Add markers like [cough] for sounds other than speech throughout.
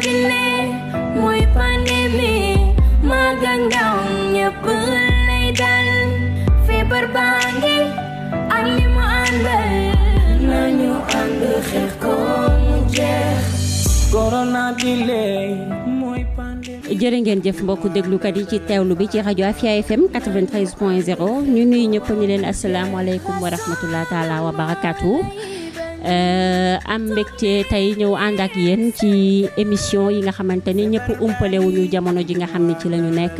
kinakilig Mo'y panimig Magandang niya pulay dal Fever bangi Ang limo andal Nanyo ang dukher kong jer Corona delay Mo'y panimig jërë ngeen jëf mbokku déglukat yi ci teewlu bi ci rajo Afia FM 93 point 0 ñu nuyu ñëpp ñu leen asalaamaaleykum wa rahmatulah wa barakaatu. Euh, am mbégte tey ñëw ànd ak yéen ci émission yi nga xamante ni ñëpp umpale wuñu jamono ji nga xam ne ci la nekk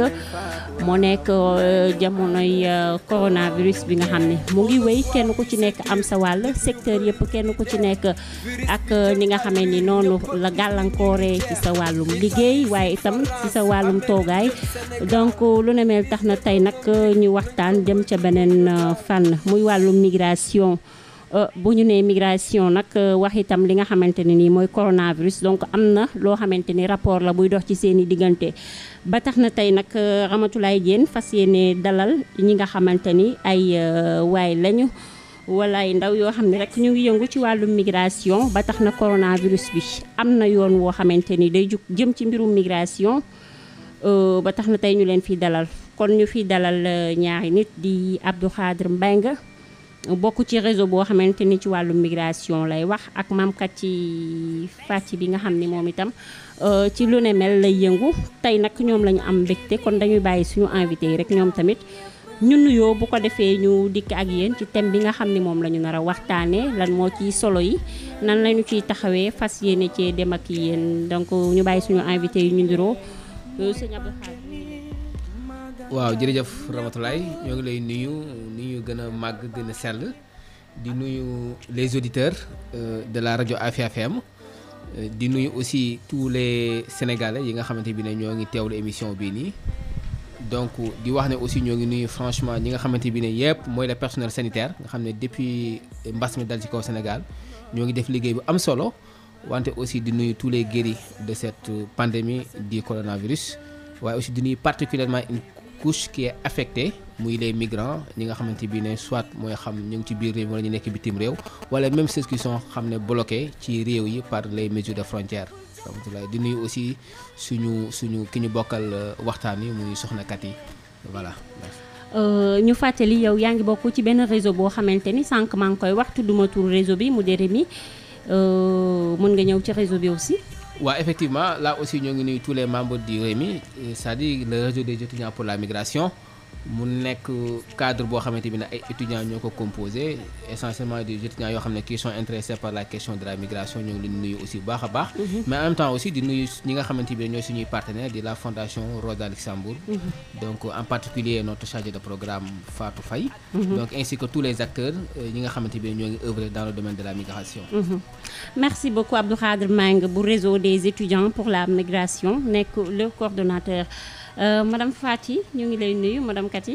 moo nekk euh, jamonoy euh, coronavirus bi nga xam ne mu ngi wéy kenn ku ci nekk am sa wàll secteur yëpp kenn ku ci nekk ak ni nga xamee ni noonu la gàllankooree ci sa wàllum liggéey waaye itam ci sa wàllum toogaay donc lu ne mel tax na tey nag ñu waxtaan jëm ca beneen fànn muy wàllum migration. Euh, bu ñu nee migration nag euh, wax itam li nga xamante ne nii mooy coronavirus donc am na loo xamante ni rapport la buy dox ci seen i diggante. ba tax na tey nag euh, Ramatoulaye Diène fas yéene dalal ñi nga xamante ni ay waay lañu. wala ay ndaw yoo xam ne rek ñu ngi yëngu ci wàllu migration ba tax na coronavirus bi am na yoon woo xamante ni day jug jëm ci mbirum migration ba tax na tey ñu leen fi dalal kon ñu fi dalal ñaari nit di Abdou Khadre nga bokk ci réseau boo xamante ni ci wàllu migration lay wax ak maamkat ci fàcc bi nga xam ni moom itam euh, ci lu ne mel lay yëngu tey nag ñoom la ñu am mbégte kon dañuy bàyyi suñu invité yi rek ñoom tamit ñun nuyoo bu ko defee ñu dikk ak yéen ci thème bi nga xam ni moom la ñu nar a waxtaanee lan moo ciy solo yi nan lañu ciy taxawee fas yéene cee dem ak yéen donc ñu bàyyi suñu invité yi ñu ndiroo euh, waaw jërëjëf Ramatoulaye ñoo ngi lay nuyu ni ñu gën a màgg gën sell di nuyu les auditeurs euh, de la rajo Afia FM euh, di nuyu aussi tous les sénégalais yi nga xamante bi ne ñoo ngi teewlu émission bii nii donc di wax ne aussi ñoo ngi nuyu franchement ñi nga xamante bi ne yëpp mooy le personnel sanitaire nga xam ne depuis mbas mi dal ci kaw Sénégal ñoo ngi def liggéey bu am solo wante aussi di nuyu tous les guéris de cette pandémie du coronavirus waaye aussi couche qui est muy les migrants ñi nga xamante bi ne soit mooy xam ñu ngi ci biir réew wala ñu nekk bitim réew wala même ceux qui sont xam ne bloqués ci réew yi par les mesures de frontière alhamdulilah di nuyu aussi suñu suñu ki ñu bokkal euh, waxtaan yi muy kat yi voilà merci. Euh, ñu fàttali yow yaa ngi bokk ci benn réseau boo xamante ni sànq maa ngi koy wax tudduma tur réseau bi mu déré mi euh, mën nga ñëw ci réseau bi aussi. waaw effectivement là aussi ñoo ngi nuyu tous les membres du Rewmi c'est-à-dire le réseau des étudiants pour la migration mu nekk cadre boo xamante bi ne ay étudiants ñoo ko composé essentiellement des étudiants yoo xam ne qui sont par la question de la migration ñoo ngi nuyu aussi baax a baax. Mhm. mais en temps aussi di nuyu ñi nga xamante bi ne ñooy suñuy partenaires di la fondation Rosa Luxembourg. Mhm. donc en particulier notre chargé de programme Fatou Faye. Mhm. donc ainsi que tous les acteurs euh, ñi nga xamante bi ñoo ngi œuvrer dans le domaine de la migration. merci beaucoup Euh, madame yi ñoo ngi lay nuyu madame Kati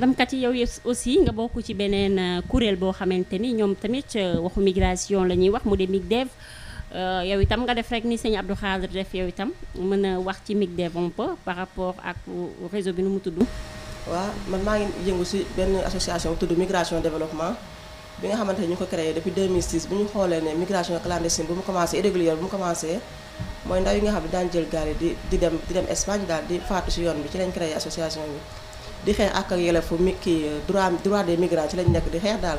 madame Kati yow aussi nga bokk ci beneen euh, kuréel boo xamante ni ñoom tamit euh, waxu migration la ñuy wax mu de MIGDEV euh, yow itam nga def rek ni sëñ Abdou Khadre def yow itam mën a wax ci MIGDEV un peu par rapport ak réseau bi nu mu tudd. waaw man maa ngi yëngu si benn association tudd migration développement bi nga xamante ne ñu ko créé depuis 2006 bu ñu xoolee ne migration clandestine bu mu commencé irrégulière bu mu commencé mooy ndaw yi nga xam jël gaal yi di di dem di dem Espagne si yoon bi ci lañ créé association bi. di xeex ak ak yelleefu mi kii euh, droit droit des ci lañ nekk di xeex daal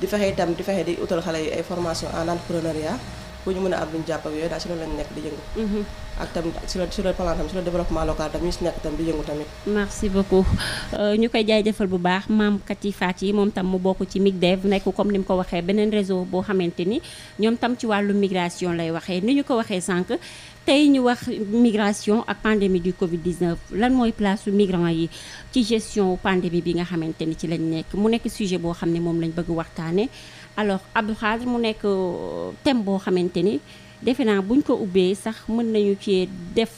di fexe itam di fexe di utal xale yi ay formation en entrepreneuriat pour ñu mën a am luñu jàpp ak yooyu ci loolu lañ nekk di yëngu mhm. ak tamit développement local tamit ñu si nekk tam di yëngu tamit merci beaucoup euh, ñu koy jaay jaajëfal bu baax maam Kati Fati moom tam mu bokk ci MIGDEV nekk comme ni mu ko waxee beneen réseau boo xamante ni ñoom tam ci wàllu migration lay waxee ni ñu ko waxee sànq tey ñu wax migration ak pandémie du Covid 19 lan mooy place su migrants yi ci gestion pandémie bi nga xamante ni ci lañ nekk mu nekk sujet boo xam ne moom lañ bëgg waxtaane alors Abdou Khadre mu nekk euh, thème boo xamante ni defe naa buñ ko ubbee sax mën nañu ci def.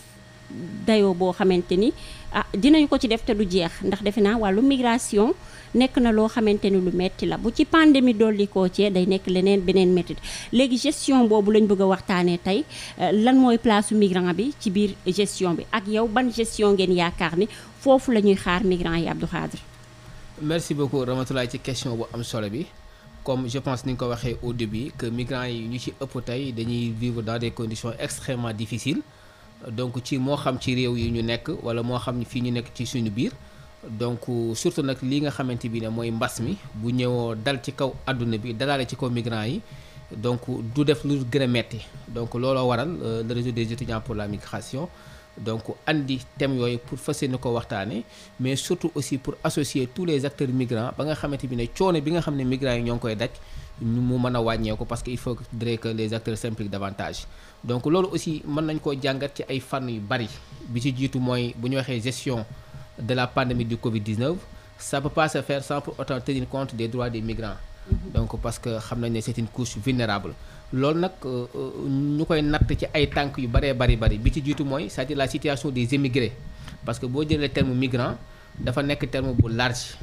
dayo boo xamante ni ah dinañu ko ci def te du jeex ndax defe naa wàllu migration nekk na loo xamante ni lu metti la bu ci pandémie dolli koo cee day nekk leneen beneen métti léegi gestion boobu lañ bëgg a waxtaanee tey eh, lan mooy place migrant bi ci biir gestion bi ak yow ban gestion ngeen yaakaar ni foofu la ñuy xaar migrant yi Abdou Khadre merci beaucoup Ramatoulaye ci question bu am solo bi comme je pense ni ñu ko waxee au début que migrants yi ñu ci ëpp tey dañuy vivre dans des conditions extrêmement difficiles donc ci moo xam ci réew yi ñu nekk wala moo xam fii ñu nekk ci suñu biir donc surtout nag li nga xamante bi ne mooy mbas mi bu ñëwoo dal ci kaw àdduna bi dalaale ci kaw migrants yi donc du def lu gën a metti donc looloo waral euh, le réseau des étudiants pour la migration donc andi thème yooyu pour fas yéene ko waxtaane mais surtout aussi pour associer tous les acteurs migrants ba nga xamante bi ne coono bi nga xam ne migrants yi ñoo ngi koy daj ñu mu mën a wàññeeku parce que il faudrait que les acteurs s'impliquent davantage donc loolu aussi mën nañ koo jàngat ci ay fànn yu bari bi ci jiitu mooy bu ñu waxee gestion de la pandémie du Covid-19 ça peut pas se faire sans pour tenir compte des droits des migrants mm-hmm. donc parce que xam nañ ne c'est une couche vulnérable loolu nag euh, euh, ñu koy natt ci ay tànk yu bëree bari bari bi ci jiitu mooy c'est-à-dire la situation des émigrés parce que boo jëlee terme migrant dafa nekk terme bu large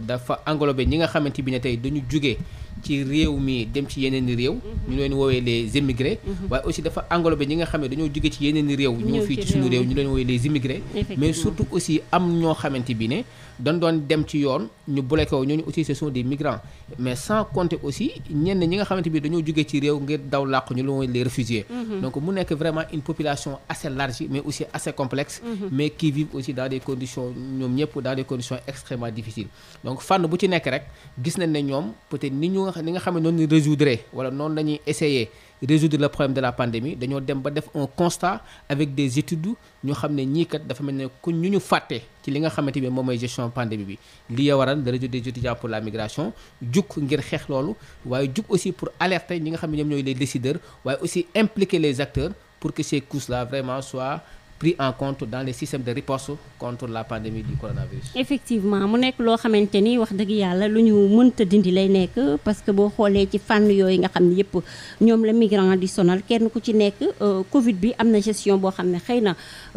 dafa englobé ñi nga xamante bi ne tey dañu jugee ci réew mi dem ci yeneen i réew mhm. ñu leen woowee les émigrés mhm. waaye aussi dafa englobé ñi nga xam ne dañoo jóge ci yeneen i réew ñoo fii ci suñu réew ñu leen woowee les immigrés mais surtout aussi am ñoo xamante bi ne dañ doon dem ci yoon ñu bloqué wu ñooñu aussi ce sont des migrants mais sans compter aussi ñenn ñi nga xamante bi dañoo jógee ci réew ngir daw làqu ñu lu mooy les mhm. donc mu nekk vraiment une population assez large mais aussi assez complexe mhm. mais qui vivent aussi dans des conditions ñoom ñëpp dans des conditions extrêmement difficiles donc fànn bu ci nekk rek gis nañ ne ñoom peut ni ñu ni nga xam ne noonu résoudre wala noonu lañuy essayer résoudre le problème de la pandémie dañoo dem ba def un constat avec des études ñoo xam ne ñiikat dafa mel ne ku ñu ñu fàtte ci li nga xamante ni moom mooy gestion pandémie bi li ya waral le réseau des étudiants pour la migration jug ngir xeex loolu waaye jug aussi pour alerter ñi nga xam ne ñoom ñooy les décideurs waaye aussi impliquer les acteurs pour que ces couches là vraiment soient pris en compte dans les systèmes de riposte contre la pandémie du coronavirus. effectivement mu nekk loo xamante ni wax dëgg yàlla lu ñu mënta dindi lay nekk parce que boo xoolee ci fànn yooyu nga xam ne yëpp ñoom la migrant di sonal kenn ku ci nekk euh, Covid bi am na gestion boo xam ne xëy na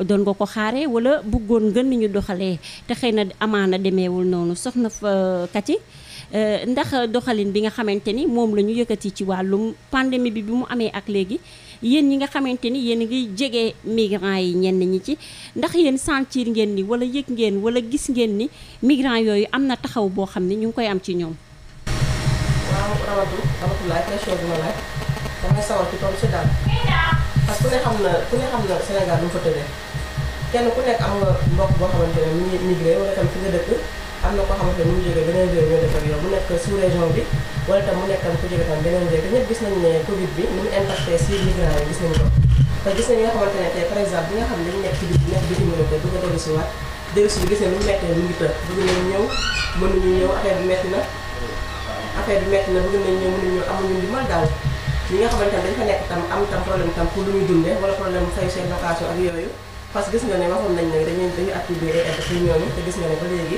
doon nga ko xaaree wala bëggoon gën ñu doxalee te xëy na amaana demeewul noonu soxna fa euh, kati euh, ndax doxalin bi nga xamante ni moom la ñu yëkkati ci wàllum pandémie bi bi mu amee ak léegi. yéen ñi nga xamante ni yéen ngi jege migrants yi ñenn ñi ci ndax yéen sentir ngeen ni wala yëg ngeen wala gis ngeen ni migrants yooyu am na taxaw boo xam ne ñu ngi koy am ci ñoom. waaw Ramatu Ramatulaay question bi ma laaj damay sawar ci tool si daal parce que ku xam na ku nekk am nga mbokk boo xamante ne mi ngi migré nga dëkk. am na ko xamante ne mu ngi jógee beneen réew ñoo def ak yow mu nekk sous région bi wala tam mu nekk tam ku jógee tam beneen réew te ñëpp mu impacté sur migrants yi gis nañu ko te gis bi nga xam ne dañu nekk ci biir nekk bitim na affaire bi metti na bëgg nañ ñëw mënuñu ñëw ma daal ñi nga xamante ne dañ tam am tam problème tam pour lu ñu dundee wala problème fay seen location ak yooyu parce que gis nga waxoon nañ ne dañuy dañu attribué ay aide ñooñu te gis nga ne ba léegi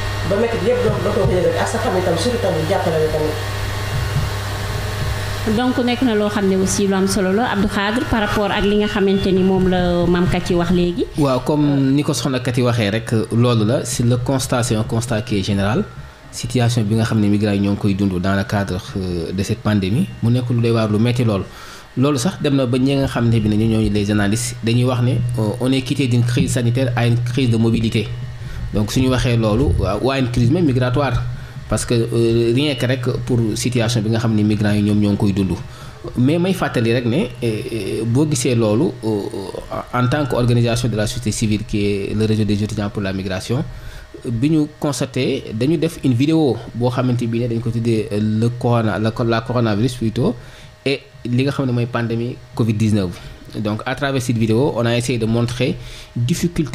ba donc nekk na loo xam ne aussi lu am solo la Abdou Khadre par rapport ak li nga xamante ni moom la maam Kati wax léegi. waaw comme ni ko soxna Kati waxee rek loolu la si la constation c'est général situation bi nga xam ne migrants yi ñoo ngi koy dund dans le cadre euh, de cette pandémie mu nekk lu doy waar lu metti loolu. loolu sax dem na ba ñi nga xam ne bi ñu ñoo ñooñu les analystes dañuy wax ne euh, on est quitté d'une crise sanitaire à une crise de mobilité. donc suñu waxee loolu waa une migratoire parce que euh, rien que rek pour situation bi nga xam ne migrants yi ñoom ñoo ngi koy dund mais may fàttali rek ne eh, eh, boo gisee loolu euh, en tant que organisation de la société civile qui est le réseau des étudiants pour la migration bi ñu constaté dañu def une vidéo boo xamante bii ne dañ ko tuddee euh, le corona la coronavirus plutôt et li nga xam ne mooy pandémie Covid 19. donc à travers cette vidéo on a essayé de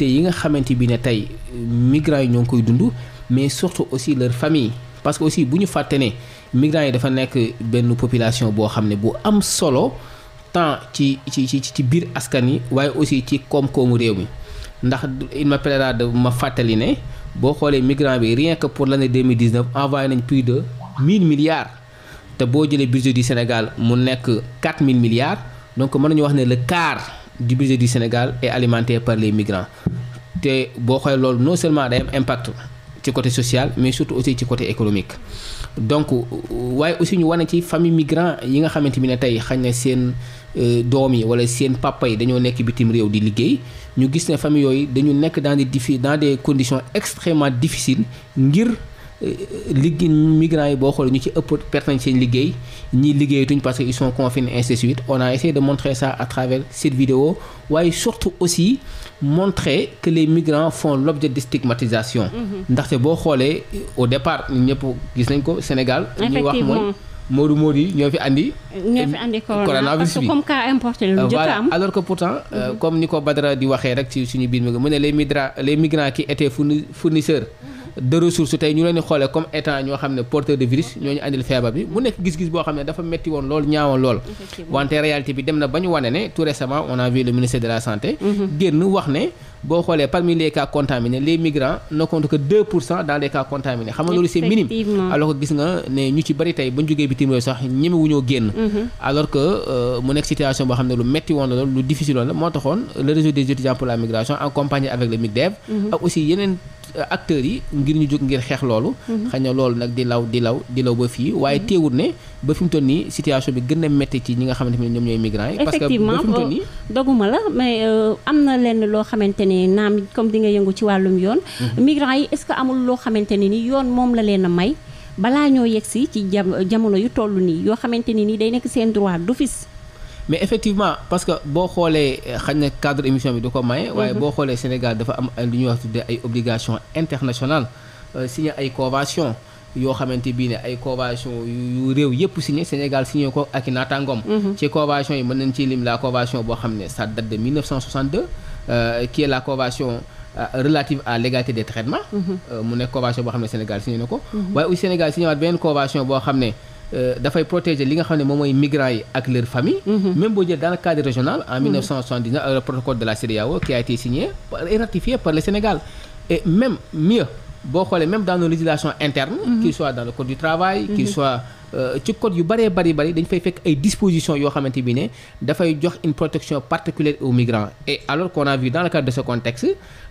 yi nga xamante bi ne tey euh, migrants yi ñoo ngi koy dund mais surtout aussi leur famille parce que aussi bu ñu fàtte ne migrants yi dafa nekk benn population boo xam ne bu am solo tant ci ci ci ci biir askan yi waaye aussi ci koom-koomu réew mi ndax il me plaira ma fàttali ne boo xoolee migrants bi rien que pour ne l'année 2019 envoyé nañ plus de 1000 milliards te boo jëlee budget du Sénégal mu nekk 4000 milliards donc mën nañu wax ne le quart du budget du Sénégal est alimenté par les migrants te boo xoolee loolu non seulement day impact ci côté social mais surtout aussi ci côté économique donc waaye aussi ñu war nañ ci famille migrant yi nga xamante bi ne tey xañ na seen euh, doom yi wala seen papa yi dañoo nekk bitim réew di liggéey ñu gis ne famille yooyu dañu nekk dans des diffi dans des conditions extrêmement difficiles ngir liggéey migrants yi boo xoolee ñu ci ëpp perte nañ seen liggéey ñii liggéeyatuñ parce que ils sont confinés ainsi de suite on a essayé de montrer ça à travers cette vidéo waaye surtout aussi montrer que les migrants font l'objet de stigmatisation mhm. ndaxte boo xoolee au départ ñun ñëpp gis nañ ko Sénégal ñuy wax mooy moo Modou yi ñoo fi andi. ñoo fi andi coronavirus comme a am euh, mhm. comme ni ko Badara di waxee rek ci suñu biir mi mu ne les migrants les migrants qui étaient de ressources tey ñu leen di xoolee comme étant ñoo xam ne porteur de virus ñoo ñu andil feebar bi mu nekk gis-gis boo xam ne dafa metti woon lool ñaawoon lool wante réalité bi dem na ba ñu wane ne tout récemment on a ministère de la santé mhm. génn wax ne boo xoolee parmi les cas contaminés les migrants ne comptent que 2 pour cent dans nga loolu c'est minime alors que gis nga ne ñu ci bari tey bu ñu jógee bitim réew sax ñemewuñoo génn mhm. alors que euh, mu nekk situation boo xam ne lu metti woon la lu difficile la moo taxoon le réseau des étudiants pour la migration en compagnie avec le MIGDEV mhm. ak aussi yeneen euh, acteurs yi ngir ñu jóg ngir xeex loolu mhm. xëy na loolu nag di law di law di law ba fii waaye teewul ne ba fi mu toll nii situation bi gën a métti ci ñi nga xamante ne ñoom ñooy migrants yi. parce que ba fi la mais euh, am na lenn loo xamante ne naam comme di nga yëngu ci wàllum yoon. Mhm. migrants yi ce que amul loo xamante ne ni yoon moom la leen a may. balaa ñoo yegsi ci jamono yu toll nii yoo xamante ni nii day nekk seen droit d'office. mais effectivement parce que boo xoolee euh, xañ na cadre émission bi du ko may waaye mhm. boo xoolee Sénégal dafa am lu ñuy wax tuddee ay obligations internationales euh, signé ay convention yoo xamante bii ne ay convention yu réew yëpp signé Sénégal signé ko ak i naataangoom mhm. ci convention yi mën nañ ci lim la convention boo xam ne ça date de 1962 euh, qui est la convention euh, relative à l'égalité des traitements mhm. euh, mu nekk convention boo xam ne Sénégal signé na ko mhm. waaye aussi Sénégal signé waat beneen convention boo xam ne dafay protéger li nga xam ne moom mooy migrants yi ak leur famille même boo jël dans cadre régional en protocole de la CEDEAO qui a été signé boo xoolee même dans nos législations internes mhm. qu'il soit dans le code du travail qu'il mhm. soit euh, ci code yu bëree bëri bëri dañ fay fekk ay dispositions yoo xamante bi ne dafay jox une protection particulière aux migrants et alors qu'on a vu dans le cadre de ce contexte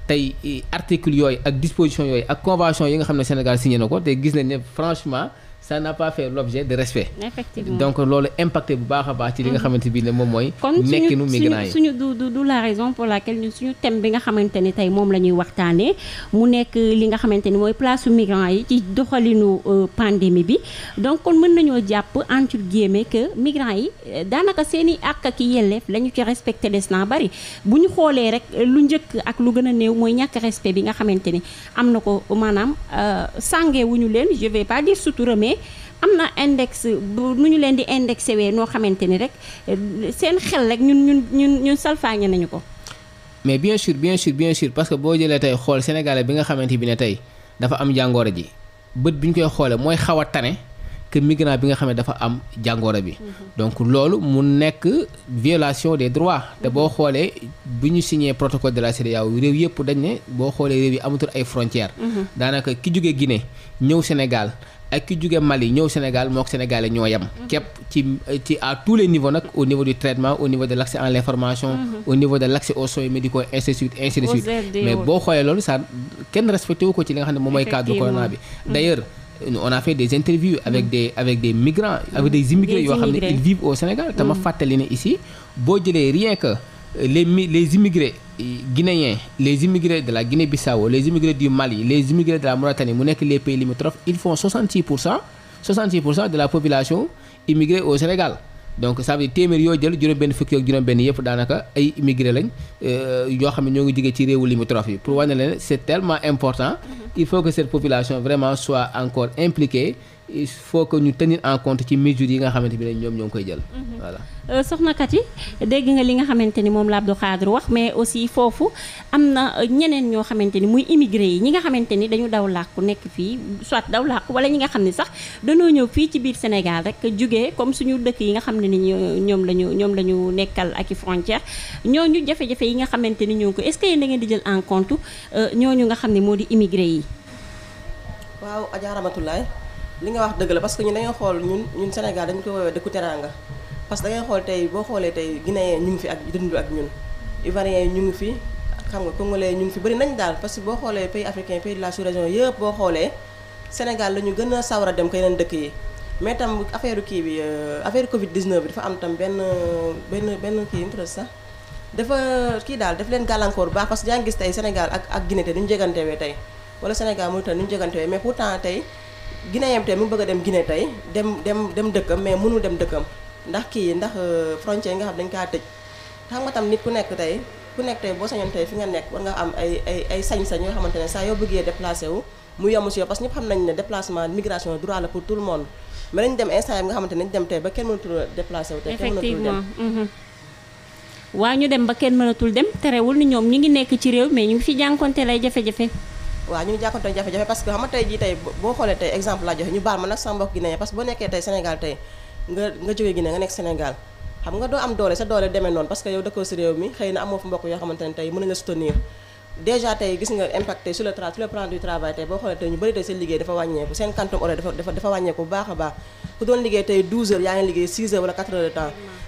tey euh, articles yooyu ak dispositions yooyu ak convention yi nga xam ne Sénégal si na ko te gis nañ ne franchement ça n'a pas fait l'objet de respect. effectivement donc loolu impacté bu baax a baax. ci li nga mm-hmm. xamante bi ne moom mooy. nekkinu migrants yi kon suñu suñu du du la raison pour laquelle ñun suñu thème bi nga xamante ni tey moom la ñuy mu nekk li nga xamante ni mooy place migrants yi ci doxalinu euh, pandémie bi donc kon mën nañoo jàpp entre guillemets que migrants yi euh, daanaka seen i àq ak yelleef la ñu ci respecté des naa bari bu ñu xoolee rek euh, lu njëkk ak lu gën a néew mooy ñàkk respect bi nga xamante ni am na ko maanaam sàngee wu ñu leen je vais pas dire sutura mais am na index bu nu ñu leen di indexé wee noo xamante ni rek seen xel rek ñun ñun ñun ñun salfaañe nañu ko. mais bien sûr bien sûr bien sûr parce que boo jëlee tey xool sénégalais bi nga xamante bi ne tey dafa am jàngooro ji bët bi ñu koy xoolee mooy xaw a tane que migrant bi nga xam ne dafa am jàngoro bi. Mm-hmm. donc loolu mu nekk violation des droit te boo xoolee bu ñu signé protocole de la CEDEAO réew yëpp dañ ne boo xoolee réew yi amatul ay frontières. Mm-hmm. daanaka ki jóge Guinée ñëw Sénégal. ak ki jóge Mali ñëw Sénégal moo ko sénégalais ñoo yem. Mhm. képp ci ci à tous les niveaux nag au niveau du traitement au niveau de l' accès à l' information. Mhm. au niveau de l' accès aux soins médicaux ainsi de suite ainsi de suite. mais boo xoolee loolu ça kenn respecté ko ci li nga xam ne moom mooy cadre corona bi. Mhm. d' on a fait des interviews avec des migrants. avec des immigrés yoo xam ne ils vivent au Sénégal. te ma fàttali ne ici boo jëlee rien que les les immigrés. Guinéens les immigrés de la Guinée-Bissau les immigrés du yi les immigrés de la Mauritanie mu nekk les pays limitrophes ils font 66 pour cent 66 pour cent de la population immigrée au Sénégal donc sa veut dire téeméer yoo jël juróom-benn fukk ak juróom-benn yëpp daanaka ay immigré lañ euh, yoo xam ne ñoo ngi jógee ci réewu limitrophes yi pour wane leen c'est telement important mm-hmm. il faut que cette population vraiment soit encore impliquée il faut que ñu tenir en compte ci mesures yi nga xamante ne ñoom ñoo ngi koy jël. Mhm. voilà euh, soxna Kati dégg nga li nga xamante ni moom la Abdou Khadre wax mais aussi foofu am na euh, ñeneen ñoo xamante ni muy immigré yi ñi nga xamante ni dañu daw làkku nekk fii soit daw làkku wala ñi nga xam ne sax dañoo ñëw fii ci biir Sénégal rek jugee comme suñu dëkk yi nga xam ne ni ñoom la ñu ñoom la ñu nekkal ak i frontière ñooñu jafe-jafe yi nga xamante ni ñoo ko est-ce que ngeen di jël en compte euh, ñooñu nga xam ne moo di immigré yi. li nga wax dëgg la parce que ñun dañoo xool ñun ñun Sénégal dañu ko woowee dëkku teraanga parce que xool tey boo xoolee tey guinéen ñu ngi fi ak dund ak ñun ivoirien ñu ngi fi xam nga congolais ñu ngi fi bëri nañ daal parce que boo xoolee pays africain pays de la sous-région yëpp boo xoolee Sénégal la ñu gën a sawar a dem ko yeneen dëkk yi mais tam affaire kii bi euh, affaire Covid 19 bi dafa am tam benn benn benn kii nu sax dafa kii daal daf leen gàllankoor baax parce que yaa tey Sénégal ak ak Guinée tey nu ñu wala Sénégal mooy tey nu ñu jegantewee mais pourtant tey. guinéen tey mu bëgg a dem Guinée tey dem dem dem dëkkam mais mënul dem dëkkam ndax kii ndax euh, frontière yi nga xam dañ kaa tëj xam nga tam nit ku nekk tey ku nekk tey boo sañoon tey fi nga nekk war nga am ay ay ay sañ-sañ yoo xamante ne saa yoo bëggee déplacé wu mu yomb si yow parce que ñëpp xam nañ ne déplacement migration droit la pour tout le monde mais nañ dem instant nga xamante ne nañ dem tey ba kenn mënatul déplacé tey kenn mënatul dem mhm. waaw ñu dem ba kenn mënatul ñu ngi nekk ci réew mais ñu ngi fi jànkonte lay jafe-jafe waaw ñu ngi jàkkoonte jafe-jafe parce que xam nga tey jii tey boo xoolee tey exemple laa joxe ñu baal ma nag sama mbokk Guinée parce que nga nga jógee Guinée nga nekk Sénégal xam nga doo am doole sa doole demee noonu parce que dëkkoo si réew mi xëy na amoo fa mbokk yoo xamante ne tey mën nañ la soutenir déjà tey gis nga impacté sur le tra sur le plan boo xoolee tey ñu bëri tey seen liggéey dafa wàññeeku seen quantum horaire dafa dafa wàññeeku bu baax a baax ku doon liggéey tey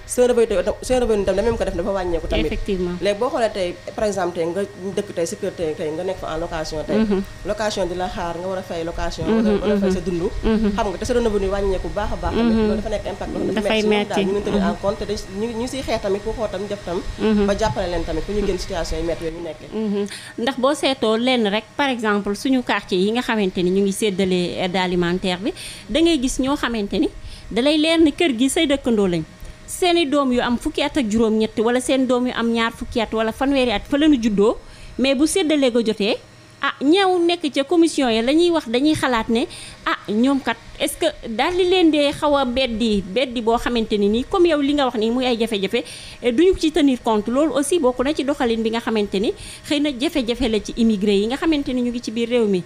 seen revenu seen revenu tam même ko def dafa wàññeeku tamit effectivement léegi boo xoolee tey par exemple tey nga dëkk tey si kër tey tey nga nekk fa en location tey mhm. location di la xaar nga war a fay location mhm, war a fay mhm. sa dund xam nga te seen revenu wàññeeku bu baax a baax tamit loolu dafa nekk impact loolu dafa metti daal ñu ngi tenir en compte te ñu ñu siy xeex tamit ku xool tamit def tam ba jàppale leen tamit ku ñu génn situation yi metti yooyu ñu nekkee ndax boo seetoo lenn rek par exemple suñu quartier yi nga xamante ni ñu ngi séddale aide alimentaire bi da ngay gis ñoo xamante ni dalay leer ni kër gi say dëkkandoo lañ seeni doom yu am fukki at ak juróom-ñett wala seen doom yu am ñaar fukki at wala fanweeri at fa la juddoo mais bu séddalee ko jotee ah ñëw nekk ca commission yi la ñuy wax dañuy xalaat ne ah ñoom kat est-ce que daal di leen dee xaw a beddi beddi boo xamante ni nii comme yow li nga wax nii muy ay jafe-jafe eh, duñu ci tenir compte loolu aussi bokk na ci doxalin bi nga xamante ni xëy na jafe-jafe la ci immigré yi nga xamante ni ñu ngi ci biir réew mi.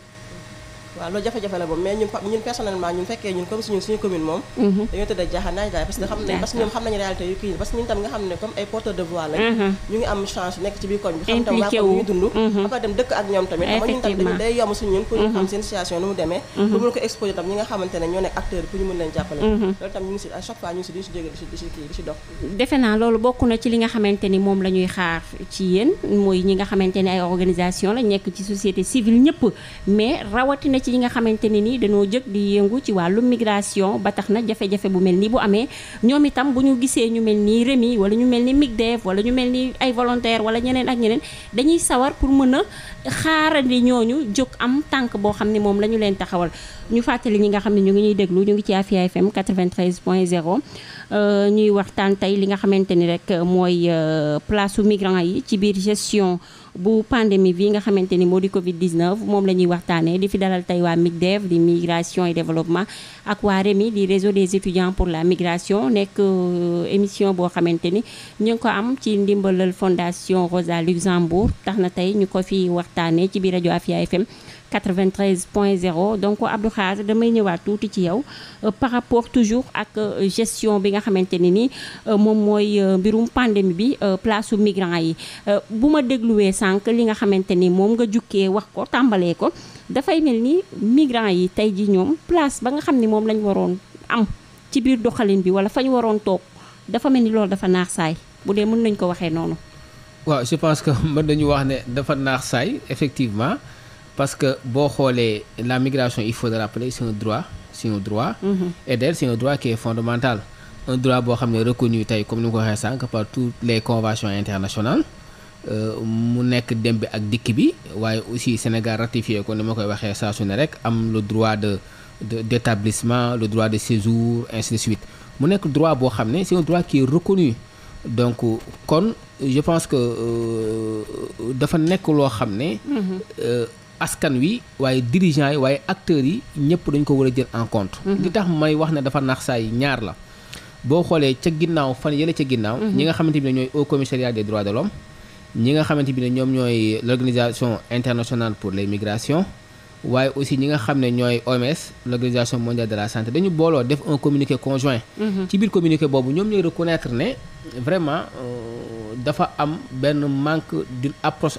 waaw loolu jafe-jafe la boobu mais ñun ñun personnellement ñun fekkee ñun comme suñu suñu commune moom mhm. dañoo tëdd jaaxal naaj daal xam nañu réalité yu kii parce ñun mhm. waa mhm. tamit nga xamante ne nekk acteur pour ñu mën leen jàppale loolu tam ñu si à chaque fois ñu si di si jóge di si dox defe naa loolu bokk na ci li nga xamante ni moom la xaar ci yéen mooy ñi nga xamante ni ay organisation la nekk ci société civile ñëpp mais rawatina ci ñi nga xamante ne nii dañoo jëg di yëngu ci wàllu migration ba tax na jafe-jafe bu mel nii bu amee ñoom itam bu ñu gisee ñu mel ni Rémi wala ñu mel ni MIGDEF wala ñu mel ni ay volontaire wala ñeneen ak ñeneen dañuy sawar pour mën a ñoo ñu jóg am tànk boo xam ne moom la ñu leen taxawal ñu fàttali ñi nga xam ne ñu ngi ñuy déglu ñu ngi ci Afia FM 93 point 0 euh, ñuy waxtaan tey li nga xamante ni rek mooy euh, place su migrants yi ci biir gestion bu pandémie bi nga xamante ni moo di Covid 19 moom la ñuy waxtaanee di fi dalal tey waa MIGDEV di migration et développement ak waa REMI di réseau des étudiants pour la migration nekk euh, émission boo xamante ni ñu ngi ko am ci ndimbalal fondation Rosa Luxembourg tax na tey ñu ko fi waxtaanee ci biir rajo Afia FM. 93 point 0 donc Abdou Khadre damay ñëwaat tuuti ci yow euh, par rapport toujours ak euh, gestion bi nga xamante ne ni euh, moom mooy mbirum pandémie bi place su migrants yi bu ma dégluwee sànq li nga xamante ni moom nga jukkee wax ko tàmbalee ko dafay mel ni migrants yi tey ji ñoom place ba nga xam ni moom lañ waroon am ci biir doxalin bi wala fañ waroon toog dafa mel ni loolu dafa naax saay bu dee mën nañ ko waxee noonu waaw je pense que mën nañu wax ne dafa naax saay effectivement parce que boo xoolee la migration il faut le rappeler c'est un droit c'est un droit. Mm -hmm. et fondamental un droit boo xam ne reconnu tey comme ni ma ko waxee sànq par toutes les conventions internationales euh, mu nekk dem ak dikk bi waaye aussi Sénégal ratifié ko ma koy waxee saa su ne rek am le droit de de d'établissement le droit de séjour ainsi de suite mu nekk droit boo xam ne c'est un droit qui est donc kon je pense que euh, dafa nekk loo xam ne. Mhm. Euh, askan wi waaye dirigeants yi waaye acteurs yi ñëpp dañ ko war a jël en mhm. li tax may wax ne dafa nax saa yi ñaar la boo xoolee ca ginnaaw fan yële ca ginnaaw. Mhm. ñi nga xamante ne ñooy haut commissariat des droits de l'homme ñi nga xamante ne ñoom ñooy l'organisation internationale pour les migrations. waaye aussi ñi nga xam ne ñooy OMS l'organisation mondiale de la santé dañu booloo def un communiqué conjoint mhm. ci biir communiqué boobu ñoom ñooy reconnaître ne vraiment euh, dafa am benn manque d'une approche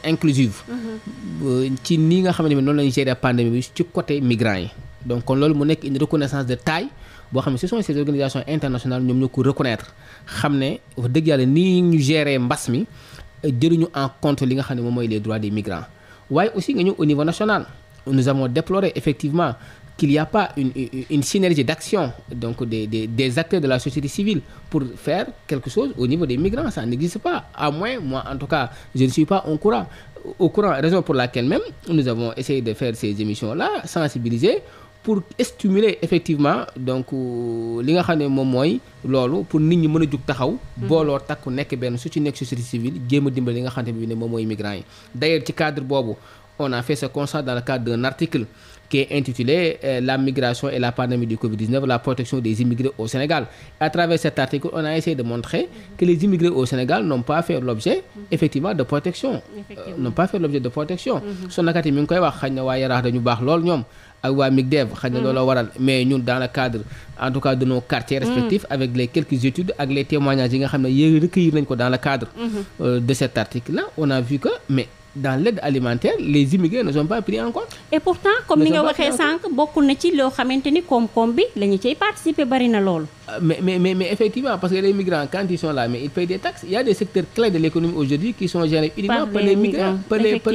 Euh, ci nii nga xam ne noonu la ñu gérer pandémie bi ci côté migrants yi donc kon loolu mu nekk une reconnaissance de taille boo xam ne ce sont ces organisations internationales ñoom ñoo ko reconnaître xam ne wax dëgg yàlla nii ñu gérer mbas mi euh, jëluñu en compte li nga xam ne moom mooy les droits des migrants waaye aussi nga ñëw au niveau national nous avons déploré effectivement qu'il n'y a pas une, synergie d'action donc des, des, acteurs de la société civile pour faire quelque au niveau des migrants. Ça n'existe pas. À moins, moi en tout cas, je ne au courant raison pour laquelle même nous avons essayé de faire ces émissions là sensibiliser pour stimuler effectivement donc euh, li nga xam ne moom mooy loolu pour nit ñi mën a jug taxaw. Mhm. booloo takku nekk benn su ci nekk société civile jéem a dimbali li nga xam ne moom mooy migrants yi. d'ailleurs ci cadre boobu on a fait ce constat dans le cadre d'un article. qui est intitulé euh, La migration et la pandémie du covid la protection des immigrés au Sénégal. À travers cet article, on a essayé de montrer mhm. que les immigrés au Sénégal n'ont pas fait l'objet, mhm. effectivement, de protection. Euh, pas fait l'objet de protection. Mhm. Son akati mi koy wax xëy na waa yaraax dañu baax lool ñoom ak waa MIGDEV xëy na loolu waral mais ñun dans le cadre en tout cas de nos quartiers respectifs avec les quelques études ak les témoignages a dans l'aide alimentaire les immigrés ne sont pas pris en et pourtant comme ni nga waxee sànq bokkul na ci loo xamante ni koom-koom bi la ñu participer bari loolu. Euh, mais mais effectivement parce que les migrants quand ils sont mais ils paient des taxes il a des secteurs clés de l'économie aujourd'hui qui sont gérés uniquement par les migrants par les par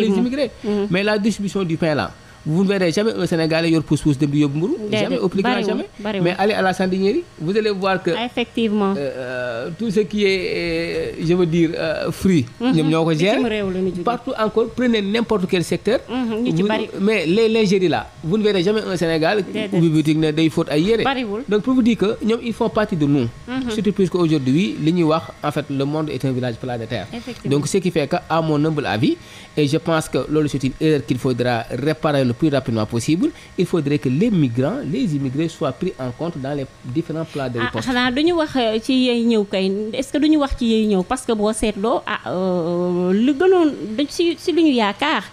mais la distribution du pain là. vous ne verrez jamais un Sénégalais yor pousse-pousse dem di yóbbu mburu jamais au plus grand jamais mais allez à la Sandiniéry vous allez voir que ah, effectivement euh, euh, tout ce qui est euh, je veux euh, mhm. partout encore prenez n'importe quel secteur mhm, mais les lingeries là vous ne jamais un Sénégal ubbi boutique ne day fóot ay yére donc pour vous dire que ñoom ils font partie de nous mhm. surtout plus qu'aujourd'hui li ñuy wax en fait le monde est un village planétaire donc ce qui fait que à mon et je pense que loolu le plus rapidement possible il faudrait que les migrants les immigrés soient pris en compte dans les différents plans de ah, riposte. ah xanaa du wax euh, ci yey ñëw kay est-ce que du ñu wax ci yey ñëw parce que boo seetloo ah euh, li gënoon si si yaakaar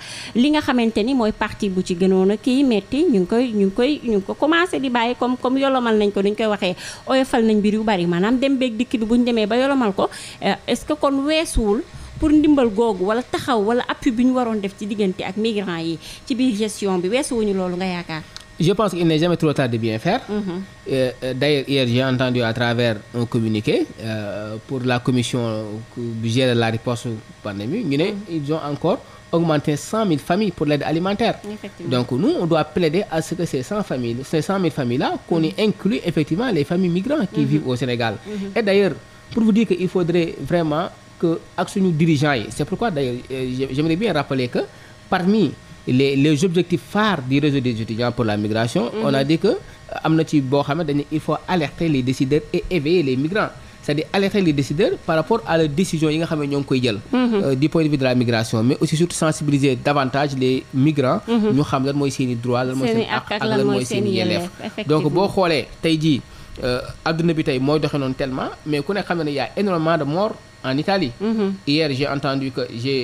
li nga xamante ni mooy parti bu ci gënoon a kii metti ñu ngi koy ñu ngi koy ñu ngi ko commencé di bàyyi comme comme yolomal nañ ko duñ koy waxee oyofal nañ mbir yu bari maanaam dem beeg dikk bi bu demee ba yolomal ko euh, est kon pour ndimbal googu wala taxaw wala appui bi ñu waroon def ci diggante ak migrants yi ci biir gestion bi weesuwuñu loolu nga yaakaar. je pense qu'il n'est jamais trop tard bien faire. Mhm. Euh, euh, d'ailleurs hier j'ai entendu à travers un communiqué euh, pour la commission bu la riposte pandémie ñu ne mhm. ils ont encore augmenté cent mille pour l'aide alimentaire. donc nous on doit plaider à ce que ces cent familles ces cent mille familles là qu'on y mhm. inclue effectivement les familles migrantes que ak suñu dirigeants yi c'est pourquoi d'ailleurs euh, j'aimerais bien rappeler que parmi les objectifs phares du réseau des étudiants pour la migration mhm. on a dit que euh, am na ci boo xam dañu il faut alerter les décideurs et éveiller les migrants c'est-à-dire les décideurs par rapport à la décision yi nga xam ñoo ngi koy jël mhm. euh, du point de vue de la migration mais aussi surtout sensibiliser davantage les migrants mhm. ñu xam lan mooy seen i droit lan mooy seen ak lan mooy seen i yelleef donc boo xoolee tey jii adduna a en Italie. Mm-hmm. hier j'ai entendu que j'ai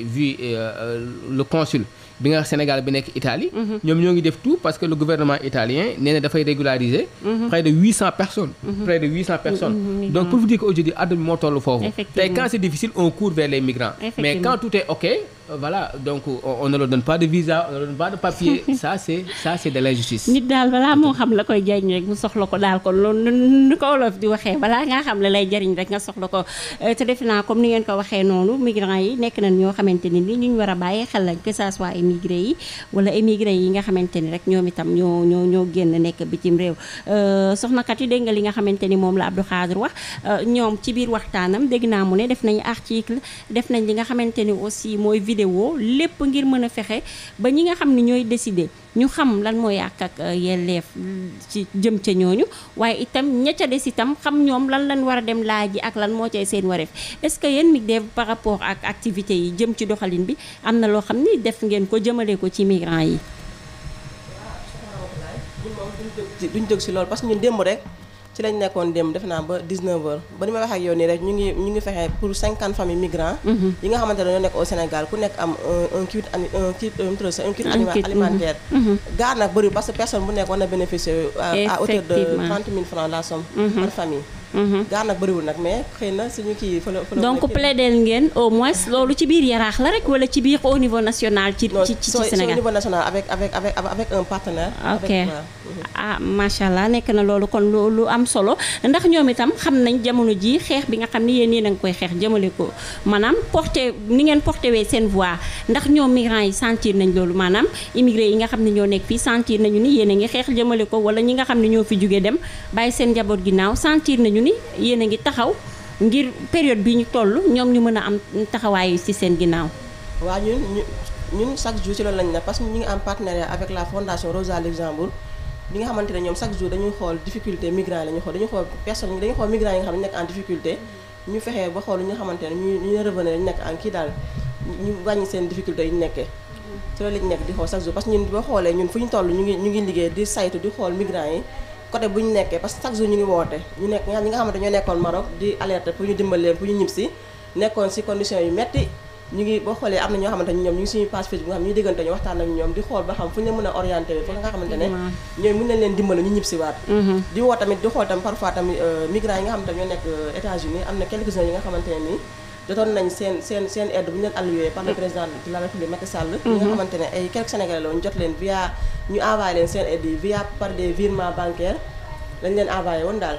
eh, vu eh, euh, le consul bi nga Sénégal bi nekk Italie. Mm-hmm. ñoom ñoo ngi def tout parce que le gouvernement italien nee dafay régulariser. Mm-hmm. près de huit cent personnes. près de huit cent personnes. donc pour vous dire que aujourd'hui àdduna moo toll foofu. effectivement tey quand difficile on court vers les migrants. mais quand tout est ok. Euh, voilà donc euh, on ne leur donne pas de visa on ne leur donne pas de papier. [laughs] nit daal balaa moo xam la koy jariñ rek mu soxla ko daal kon loolu ni ko wolof di waxee balaa ngaa xam la lay jariñ rek nga soxla ko euh, te defe naa comme ni ngeen ko waxee noonu migrants yi nekk nañ ñoo xamante ni ni ñu a bàyyi xel lañ que ça soit émigré yi ñoo génn nekk bitim réew soxnakat dégg nga li nga xamante ni moom la Abdou Khadir wax ñoom ci biir waxtaanam dégg naa mu ne def nañ article def nañ li nga xamante ni aussi mooy vidéo lépp ngir mën a fexe ba ñi nga xam ne ñooy décider ñu xam lan mooy àq ak euh, yelleef ci jëm ca ñooñu waaye itam ña ca des itam xam ñoom lan lañ war a dem laaj ji ak lan moo cay seen wareef est-ce que yéen Midev par rapport ak activité yi jëm ci doxalin bi am na loo xam ni def ngeen ko jëmale ko ci migrants yi. duñ si loolu parce que démb rek. ci lañ nekkoon dem def naa ba 19h ba ni ma wax ak yow rek ñu ngi ñu ngi fexe pour 50 familles migrants. Mhm. yi nga xamante ne dañoo nekk au Sénégal ku nekk am un un kit un kit mhm. alimentaire. Mhm. gaar nag bëri parce que personne bu nekk war na bénéficier. à hauteur de 30 000 la somme famille. Mm-hmm. gaar nag bëriwul nag mais na suñu kii fa la fa la donc ngeen au moins loolu ci biir yaraax la rek wala ci biir au niveau national ci ci ci Sénégal au niveau national avec avec avec avec un ok ah macha allah nekk na loolu kon lu am solo ndax ñoom itam xam nañ jamono ji xeex bi nga xam ne yéen yéen a koy xeex jëmale ko maanaam porté ni ngeen porté wee seen voix ndax ñoom migrant yi sentir nañ loolu maanaam immigré yi nga xam ne ñoo nekk fii sentir nañu ni yéen a ngi xeex jëmale ko wala ñi nga xam ne ñoo fi jóge dem bàyyi seen njaboot ñu ni yéen a ngi taxaw ngir période bi ñu toll ñoom ñu mën a am taxawaay yi ci seen ginnaaw. waa ñun ñun chaque jour ci loolu lañ ne parce que ñu ngi am partenariat avec la fondation Rosa Luxembourg bi nga xamante ne ñoom chaque jour dañu xool difficulté migrants yi la ñuy xool dañuy xool personne dañuy xool migrants nga xam ne nekk en difficulté ñu fexe ba xool ñu xamante ne ñu ñu revenir ñu nekk en kii daal ñu wàññi seen difficulté yi ñu nekkee. ci loolu lañ nekk di xool chaque jour parce xoolee ñun fu ñu toll ñu ngi ñu ngi liggéey di saytu di xool migrants yi côté bu ñu nekkee parce chaque jour ñu ngi woote ñu nekk ñi nga xamante ñoo nekkoon Maroc di alerter pour ñu dimbali leen pour ñu ñib si nekkoon si condition yu metti ñu ngi boo xoolee am na ñoo xamante ñoom di xool ba xam fu ñu mën a orienté bi fa nga xamante ne ñooy mën nañ leen dimbali ñu ñib si waat mhm. di woo tamit di xool tamit parfois tamit euh, migrants yi nga xamante ñoo nekk euh, États-Unis am na quelques-uns yi nga xamante nii jotoon nañ seen seen seen aide bu ñu leen alloué par le mm-hmm. président de la république Macky Sall mm-hmm. ñi nga xamante ay quelques sénégalais la woon jot leen via ñu envoyé leen seen aide yi via par des virements bancaires lañ leen envoyé woon daal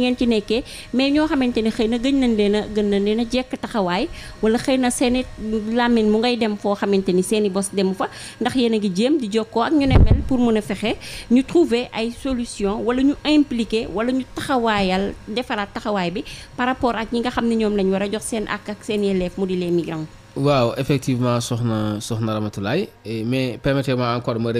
ngeen ci nekkee mais ñoo xamante ne xëy na gëj nañ leen a gën nañ leen a jekk taxawaay wala xëy na seen làmmiñ mu ngay dem foo xamante ni seen i bos demu fa ndax yéen a ngi jéem di jokkoo ak ñu ne mel pour mun a fexe ñu trouver ay solution wala ñu impliqué wala ñu taxawaayal defaraat taxawaay bi par rapport ak ñi nga xam ne ñoom lañ war a jox seen ak ak seen yelleef mu di leen migrants waaw effectivement soxna soxna Ramatulaay mais permettez-moi encore ma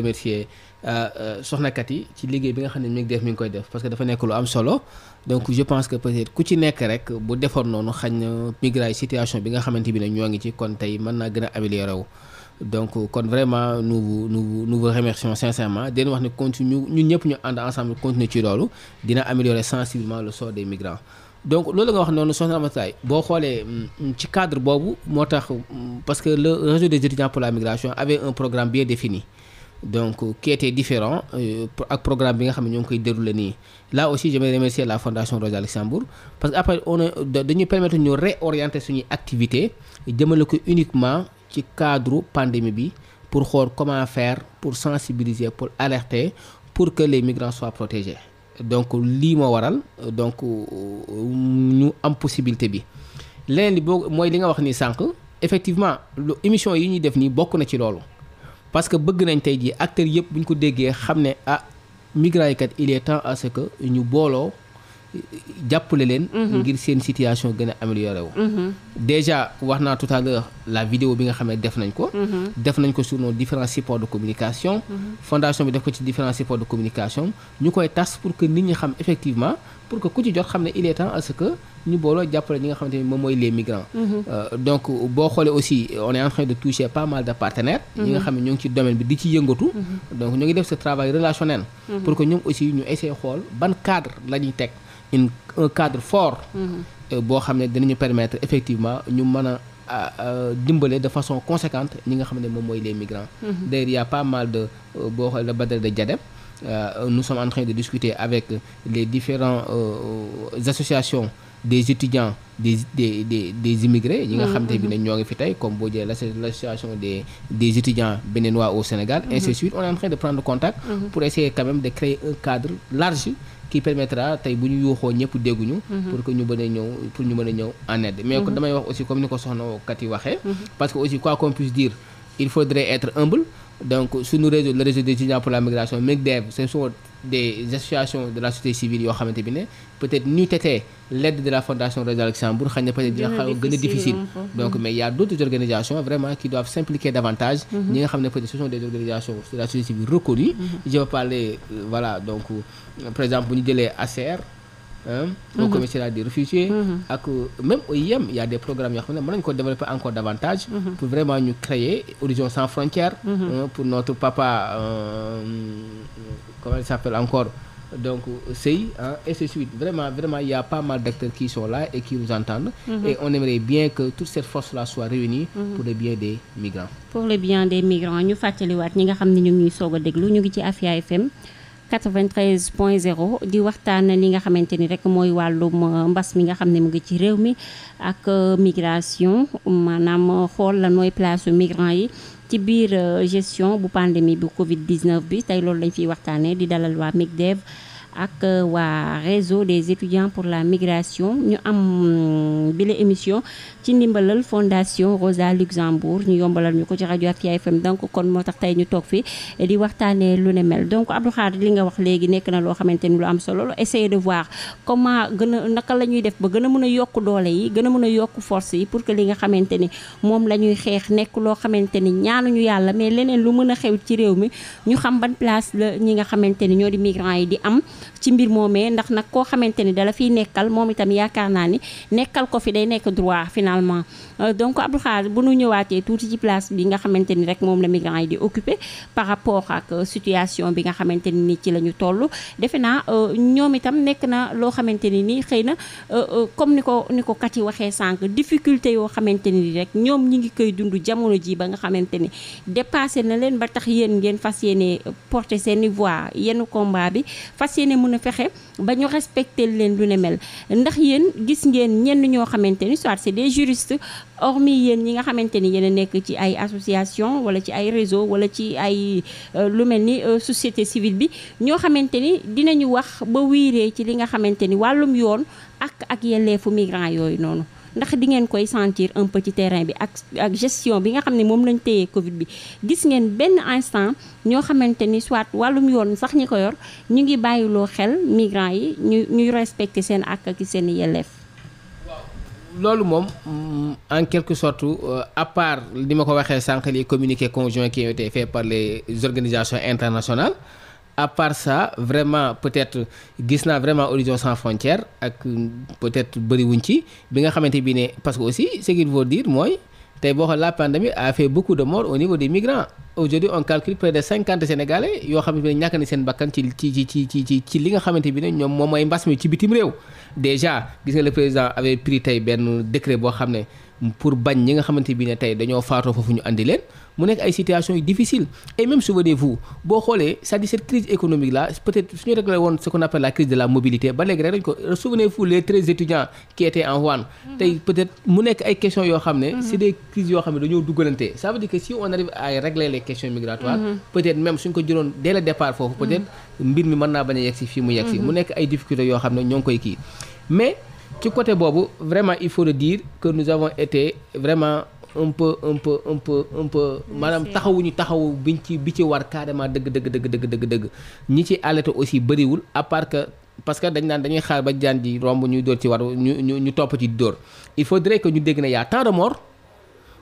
Euh, euh, soxnakat yi ci liggéey bi nga xam ne mi def mi ngi koy def parce que dafa nekk lu am solo donc je pense que peut-être ku ci nekk rek bu defoon noonu xañ na migraay situation bi nga xamante bi ne ñoo ngi ci kon tey mën naa gën a améliorer wu donc kon vraiment nous vous nous vous nous vous remercions sincèrement di wax ne continue ñun ñëpp ñu ànd ensemble continuer ci loolu dina améliorer sensiblement le sort des migrants. donc loolu nga wax noonu soxna Amataay boo xoolee mm, ci cadre boobu moo tax mm, parce que le réseau des étudiants pour la migration avait un programme bien défini. donc qui était différent euh, ak programme bi nga xam ne ñoo ngi koy déroulé nii la aussi j'aimerais remercier la fondation Rosa Luxembourg parce que après on a dañu permettre ñu réorienter suñuy activité jëmale ko uniquement ci cadre pandémie bi pour xool comment fair pour sensibiliser pour alerter pour que les migrants soient protégés donc lii moo waral donc ñu am possibilité bi leneen li boo mooy li nga wax ni sànq effectivement émission yi ñuy def nii bokk na ci loolu parce que bëgg nañ tey jii acteurs yëpp bu ñu ko déggee xam ne ah migrants yi temps à que ñu booloo jàppale leen. Mhm. ngir seen situation gën a amélioré wu. Mhm. déjà wax naa tout à la vidéo bi nga xam def nañ ko. Mhm. def nañ ko sur nos différents de communication. fondation bi def ko ci différents supports de communication ñu koy tas pour que nit ñi xam effectivement pour que ku ci jot xam ne il est temps à ce que ñu booloo jàppale ñi nga xamante ni moom mooy les migrants. Euh, donc boo xoolee aussi on en train de toucher pas mal de partenaires. ñi nga xam ne ñoo ngi bi di ci yëngatu. donc ñoo ngi def une un cadre fort. Mhm. Euh, boo xam ne dinañu permettre effectivement ñu mën a. dimbale de façon conséquente ñi nga xam ne moom mooy les migrants mhm. d'ailleurs il y a pas mal de euh, boo xoolee la Badara de Diadem euh, nous sommes en train de discuter avec les différents associations des étudiants des des des des immigrés ñi nga mhm, xam ne bi ne ñoo ngi fi tey comme boo jëlee l'association des des étudiants béninois au Sénégal ainsi de suite on est de prendre contact pour essayer quand même de créer un cadre qui permettra tey bu ñu yuuxoo ñëpp dégguñu mhm. pour que ñu mën ñëw en aide mais mhm. damay wax aussi comme ni ko soxna kat yi waxee mhm. parce que aussi quoi qu'on puisse dire il faudrait être réseau le réseau pour la migration MIGDEV e ce sont des associations de la société civile yoo xamante bi ne peut-être ñu tetee l'aide de la fondation Rosa Luxembourg xëy na peut-être dina xaw gën a difficile donc mais il d'autres organisations vraiment qui doivent s'impliquer par exemple bu ñu jëlee ACR. au commissariat des réfugiés ak même OIM e y a des programmes yoo xam ne mën nañu ko développer encore davantage mhm. pour vraiment ñu créer horizon sans frontières mhm. pour notre papa euh, comment il s'appelle encore donc sëy et ce suite vraiment vraiment il a pas mal d'acteurs qui sont là et qui nous entendent mhm. et on aimerait bien que toute cette force là soit réunie pour le bien des migrants pour le bien des migrants ñu fàttaliwaat ñi a 93 point 0 di waxtaan li nga xamante ni rek mooy wàllum euh, mbas mi nga xam ne mu ngi ci réew mi ak euh, migration maanaam euh, xool la nooy place migrants yi ci biir gestion bu pandémie bu Covid 19 bi tey loolu lañ fiy waxtaanee di dalal waa MIGDEV. ak euh, waa réseau des étudiants pour la migration ñu am mm, bile émission ci ndimbalal fondation Rosa Luxembourg ñu yombalal ñu ko ci rajo Afia FM donc kon moo tax tey ñu toog fi di waxtaanee lu ne mel donc Abdou Khadre li nga wax léegi nekk na loo xamante ni lu am solo la essayer de voir comment gën naka la ñuy def ba gën a mën a yokk doole yi gën a mën a yokk force yi pour que li nga xamante ni moom la ñuy xeex nekk loo xamante ni ñaanuñu yàlla mais leneen lu mën a xew ci réew mi ñu xam place la ñi nga xamante ni ñoo di migrants yi di am ci mbir moomee ndax nag koo xamante ni dala fiy nekkal moom itam yaakaar naa ni nekkal ko fi day nekk droit finalement Euh, donc Abdou Khadre bu nu ñëwaatee tuuti ci place bi nga xamante ni rek moom la migrants yi di occupé par rapport ak euh, situation bi nga xamante ni nii ci la ñu toll defe naa euh, ñoom itam nekk na loo xamante ni nii xëy na comme ni ko ni ko kat yi waxee sànq difficulté yoo xamante ni rek ñoom ñi ngi koy dund jamono ji ba nga xamante ni dépassé na leen ba tax yéen ngeen fas yéene porté seen i voix yenn combat bi fas yéene mun a fexe ba ñu respecté leen lu ne mel ndax yéen gis ngeen ñenn ñoo xamante ni soit des juristes hormis yéen ñi nga xamante ni yéen a nekk ci ay association wala ci ay réseau wala ci ay euh, lu mel ni euh, société civile bi ñoo xamante ni dinañu wax ba wiiree ci li nga xamante ni wàllum yoon ak ak yelleefu migrants yooyu noonu ndax di ngeen koy sentir un ci terrain bi ak ak gestion bi nga xam ne moom lañ téyee Covid bi gis ngeen benn instant ñoo xamante ni soit wàllum yoon sax ñi ko yor ñu ngi bàyyiloo xel migrants yi ñu ñuy respecter seen àq ak seen yelleef loolu moom mm, en quelque sorte euh, à part li ma ko waxee sànq les communiqués conjoints qui ont été par les organisations internationales à part ça vraiment peut-être gis naa vraiment Horizon sans frontières ak peut-être bëriwuñ ci bi nga xamante bi ne parce que aussi ce qu'il faut dire mooy. tey boo xool la pandémie a fait beaucoup de morts au niveau des migrants aujourd'hui on calcule près de cinquante sénégalais yoo xamante ne ñàkk na seen bakkan ci ci ci ci ci li nga xamante bi ne ñoom moom mooy mbas mi ci bitim réew déjà gis nga le président avait pris tey benn décret boo xam ne pour bañ ñi nga xamante bi ne tey dañoo faatoo foofu ñu andi leen mu nekk ay situation yu difficile et même souvenez-vous boo xoolee c'est-à-dire cette crise économique là peut-être suñu réglé woon ce appelle la crise de la mobilité ba léegi rek dañ ko souvenez-vous les treize étudiants qui en Wuhan mm-hmm. tey peut-être mu nekk ay questions yoo xam ne mm-hmm. c'est des crises yoo xam ne dañoo duggalante ça veut dire que si on arrive à régler les questions migratoires mm-hmm. peut naa bañ a yegsi nekk ay difficultés yoo xam ne ñoo ngi koy kii mais ci côté boobu vraiment il faut le dire que nous avons été vraiment un peu un peu un peu un peu maanaam taxawuñu taxawu biñ ci bi ci war carrément dëgg dëgg dëgg dëgg dëgg ñi ci alerté aussi bëriwul à part que parce que dañ naan dañuy xaar ba jaan ji romb ñu dóor ci waru ñu ñu ñu topp ci dóor il faudrait que ñu dégg ne y a tant de morts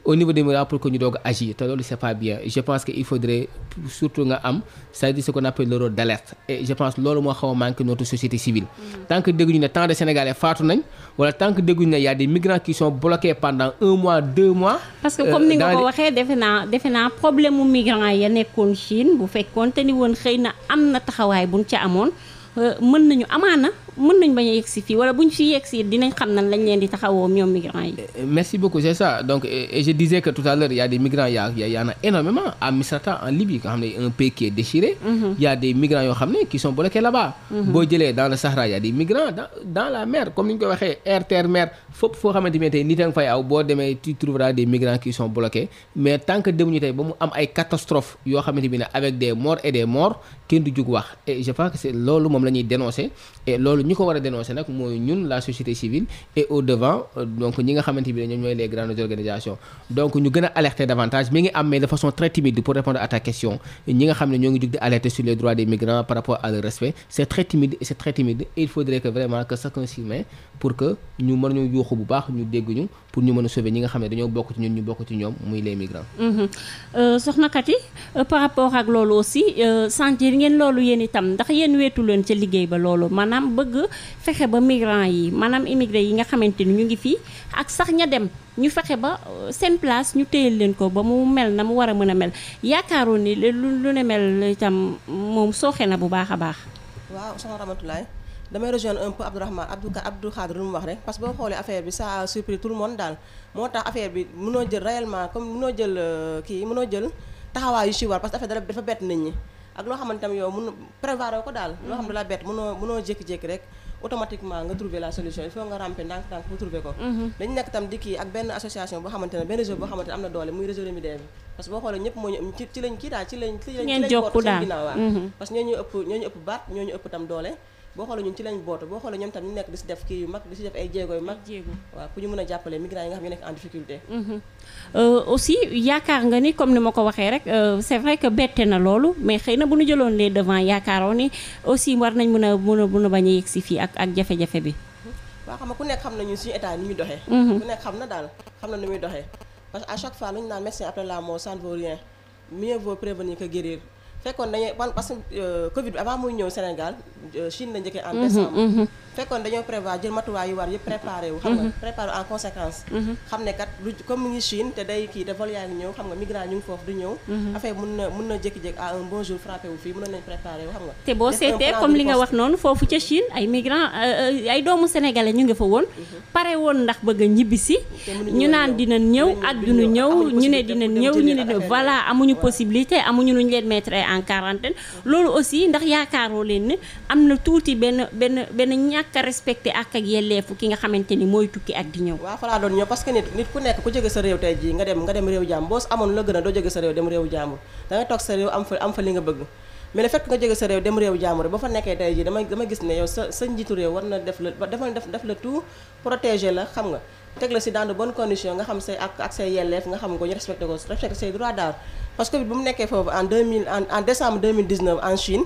au niveau des médias pour que ñu doog a agir te loolu c'est pas bien je pense que il faudrait surtout nga am c'est-à-dire ce qu'on appelle d'alerte et je pense loolu moo xaw a manqué notre société civile mm-hmm. tant que dégguñu ne tant de Sénégalais faatu nañ wala tant que dégguñu ne y a des migrants qui sont bloqués pendant un mois deux mois parce que comme euh, ni nga ko waxee defe naa defe naa problème mu migrants a nekkoon Chine bu fekkoon te ni woon xëy na am na taxawaay buñ ca amoon euh, mën nañu amaana mën nañ bañ a si fii wala bu ñu fi yegg si dinañ xam nan lañ leen di taxawoo ñoom migrants yi. Eh, eh, merci beaucoup c'est ça donc eh, je disais que tout à l'heure il y a des migrants en a en Libye nga xam ne un pays qui déchiré. Mhm. il y a yoo xam ne qui sont bloqués mhm. boo jëlee dans le Sahara il y dans la mer comme ni ñu ko waxee air terre mer fépp foo xamante ne tey nit a fay aw boo demee tu trouveras des migrants ñi ko war a dénoncer nag mooy ñun la société civile et au devant donc ñi nga xamante bi ñoom ñooy les grandes organisations donc ñu gën a davantage mi ngi am mais de façon très timide pour répondre à question ñi nga xam ne ñoo ngi jug di alerter sur les droits des migrants par rapport ak loolu aussi euh, sentir ngeen loolu yéen itam ndax yéen weetu leen ca liggéey ba loolu maanaam bëgg fexe ba migrants yi maanaam immigré yi nga xamante ni ñu ngi fii ak sax ña dem ñu fexe ba euh, seen place ñu téyel leen ko ba mu mel na mu war a mën a mel yaakaaroon ni lu lu ne mel itam moom sooxe na bu baax a baax waaw soxna Ramatulaay damay rejoindre un peu Abdourahmane Abdou Abdou lu mu wax rek parce que boo xoolee affaire bi ça a surpris tout le monde daal moo tax affaire bi mënoo jël réellement comme mënoo jël euh, kii mënoo jël taxawaay yu ci war parce que affaire dafa bett nit ñi ak loo xamante ne mun prévoir ko daal loo xam ne la bett mënoo mënoo jékki-jékki rek automatiquement nga trouver la solution il faut nga ramper ndànk-ndànk pour trouver ko mhm. dañu nekk tam di kii ak benn association boo xamante benn réseau boo xamante am na doole muy réseau Remi Dee bi parce que boo xoolee ñëpp moo ñu ci lañ kii ci lañ ci lañ ci lañ ginnaaw waaw mhm. parce que ñoo ñu ëpp ñoo ñu ëpp baat ñoo ñu ëpp tam boo xoolee ñun ci lañ bootu boo xoolee ñoom tam ñu nekk di si def kii yu mag di si def ay jéego yu mag waaw pour ñu mën a jàppale migrants yi nga xam ñu mm-hmm. euh, ni comme ni ma ko waxee rek euh, c'est vrai que bette na loolu mais xëy na bu ñu jëloon les devant yaakaaroo ni aussi war nañ mën a mën a mën a bañ a yegg fii ak jafe-jafe bi mm-hmm. waaw xam nga ku nekk xam na ñun suñu état ni muy doxee mm-hmm. ku nekk xam na daal xam na ni muy doxee parce que à chaque fois lu ñu naan médecin après la fekkoon dañuy ban parce que euh, Covid bi avant muy ñëw Sénégal euh, Chine la njëkkee en mhm, décembre. Mhm. fekkoon dañoo prévoir jël matuwaay yu war yëpp préparé wu. xam nga mhm. préparé en conséquence. xam ne kat lu comme ngi Chine te day kii te vol yaa ngi ñëw xam nga migrant ñu ngi foofu du ñëw. affaire mun na mun na jékki-jékki à ah, un bon jour frappé wu nga. te boo seetee comme li nga wax noonu foofu ca Chine ay migrant euh, ay doomu sénégalais ñu nga fa woon. pare woon ndax bëgg a ñibbi si. ñu naan dina ñëw ak duñu ñëw ñu ne dinañ ñëw ñu ne voilà amuñu possibilité amuñu luñ leen mettre en quarantaine loolu aussi ndax yaakaaroo leen ne am na tuuti benn benn benn ñàkk a ak yelleefu ki nga xamante ni mooy tukki ak di ñëw waa fa laa doon ñëw parce que nit nit ku nekk ku jóge sa réew tey jii nga dem nga dem réew jàmm boo amoon la gën a doo jóge sa réew dem réew jàmm da am li nga bëgg mais le fekk nga sa réew réew jàmbur ba fa nekkee tey jii dama dama gis ne yow sa sa njiitu réew war na def la dafa def def la tout protéger la xam nga teg la si dans de bonnes nga xam say ak ak say yelleef nga xam ko ñu respecté ko respecté droit d'art parce que bu mu nekkee foofu en 2000 en en décembre 2019 en Chine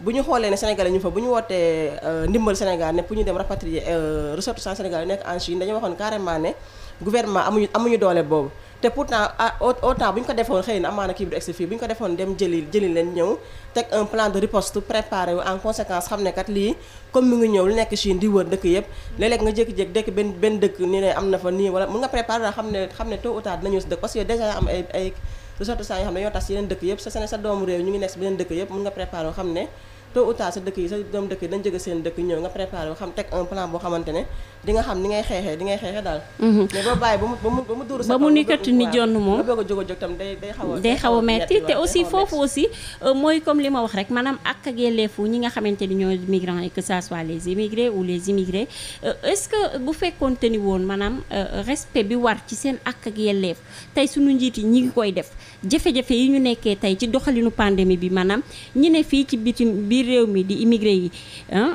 bu ñu xoolee ne Sénégalais ñu fa bu ñu wootee euh, ndimbal Sénégal ne pour ñu dem rapatrier euh, ressortissants sénégalais nekk en Chine dañoo waxoon carrément ne gouvernement amuñu amuñu doole boobu te pourtant ah, autant bu ñu ko defoon xëy na amaana kii bi du egsi fii bu ñu ko defoon dem jëli jëli leen ñëw teg un plan de riposte préparé wu en conséquence xam ne kat lii comme mu ngi ñëw lu nekk Chine di wër dëkk yëpp léeg-léeg nga jékki-jékki dëkk benn benn dëkk ni ne am na fa nii wala mun nga préparé daa xam ne xam ne tôt dëkk parce que déjà dëkk yëpp sa sene sa dëkk yëpp nga préparé xam ne tôt ou sa dëkk yi sa doom dëkk yi di nga xam ni ngay xeexee di ngay xeexee daal. Mhm. mais ba bàyyi ba mu ba mu ba mu dóor ba ni jonn moom day day metti te aussi foofu aussi euh, mooy comme li ma wax rek maanaam ak ak yelleefu ñi nga xamante ni ñoo migrants et que ça soit les immigrés ou les immigrés euh, est-ce que bu fekkoonte ni woon maanaam euh, respect bi war ci seen ak ak yelleef tey suñu njiit yi ñi ngi koy def jafe-jafe yi ñu nekkee tey ci doxalinu pandémie bi maanaam ñi ne fii ci bitim biir réew mi di immigré yi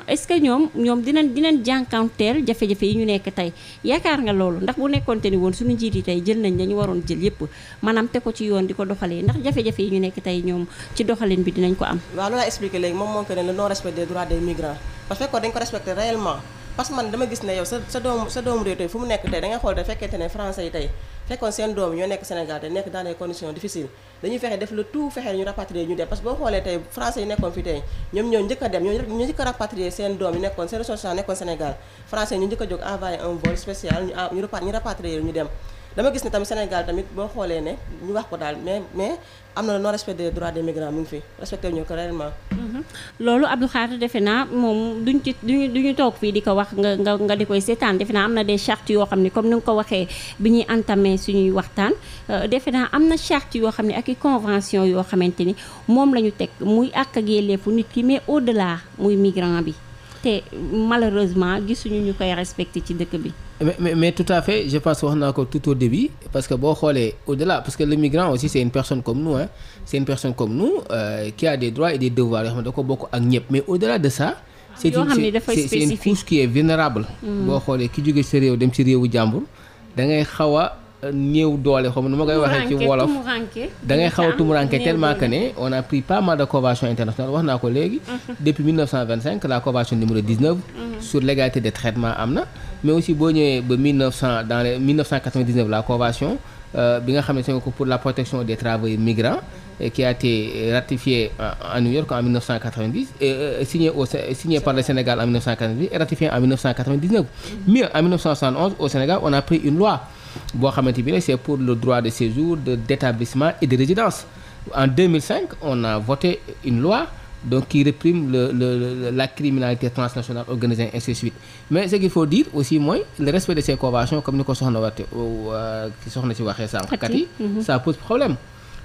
est-ce que ñoom ñoom dinañ dinañ jànkuwanteel jafe-jafe jafe yi ñu nekk tey yaakaar nga loolu ndax bu nekkoonte ni woon suñu njiit yi tey jël nañ dañu waroon jël yépp maanaam te ko ci yoon di ko doxalee ndax jafe-jafe yi ñu nekk tey ñoom ci doxalin bi dinañ ko am waaw loolu laa expliqué léegi moom moom que ne le non respect des droits des migrants parce fekkoon dañ ko respecté réellement parce que man dama gis ne yow sa sa doomu sa doomu réew tey fu mu nekk tey da nga xool te fekkente ne français yi tey fekkoon seen doom ñoo nekk Sénégal te nekk dans des conditions difficiles dañuy fexe def le tout fexe ñu rapatrier ñu dem parce que boo xoolee tey français yi nekkoon fi tey ñoom ñoo njëkk a dem ñoo njëkk a seen doom yi nekkoon seen ressortissants nekkoon Sénégal français ñu njëkk a jóg envoyé vol spécial ñu ñu ñu dem dama gis ne tamit boo xoolee ne ñu wax ko daal mais mais am na non respect des droits des migrants mu fi respecté ñu ko réellement Mhm. loolu Abdou Khadre defe naa moom duñ ci duñu duñu toog fii di ko wax nga nga nga di koy seetaan defe naa am na des chartes yoo xam ni comme ni nga ko waxee bi ñuy entamé suñuy waxtaan euh, defe naa am na charte yoo xam ne ak i convention yoo xamante ni moom la ñu teg muy àq ak yelleefu nit ki mais au delà muy migrant bi te malheureusement gisuñu ñu koy respecté ci dëkk bi. mais tout à fait je pense wax naa ko tout au début parce que boo xoolee au-delà parce que le migrant aussi c'est une comme nous hein c'est comme nous euh, qui a des droits et des devoirs yoo xam ne da ko bokk ak ñëpp mais au de ça. c'est une c'est, c'est une couche qui vulnérable. Mm. boo xoolee ki jóge sa réew dem ci réewu jàmbur da ngay néew doole xam nu ma koy waxee ci wolof da xaw tumuranke tellement que ne on a pris pas mal de convention internationale wax naa ko léegi mhm. depuis la convention numéro 19 mhm. sur l'égalité de traitement am na mais aussi boo ñëwee ba 1900 dans les la convention euh, bi nga xam ne c'est pour la protection des travailleurs migrants euh, qui a été ratifiée à New York en 1990 et euh, signé au signé par le Sénégal en 1990 et ratifié en 1999 mhm. mais en 1971 Sénégal on a pris une boo xamante bi ne c'est pour le droit de séjour de d'établissement et de résidence en on a voté une loi donc qui réprime la criminalité transnationale organisée ainsi de suite mais ce qu'il faut dire aussi mooy le respect de ces conventions comme ni ko soxna wate euh, soxna si waxee sànq kat yi mm-hmm. ça pose problème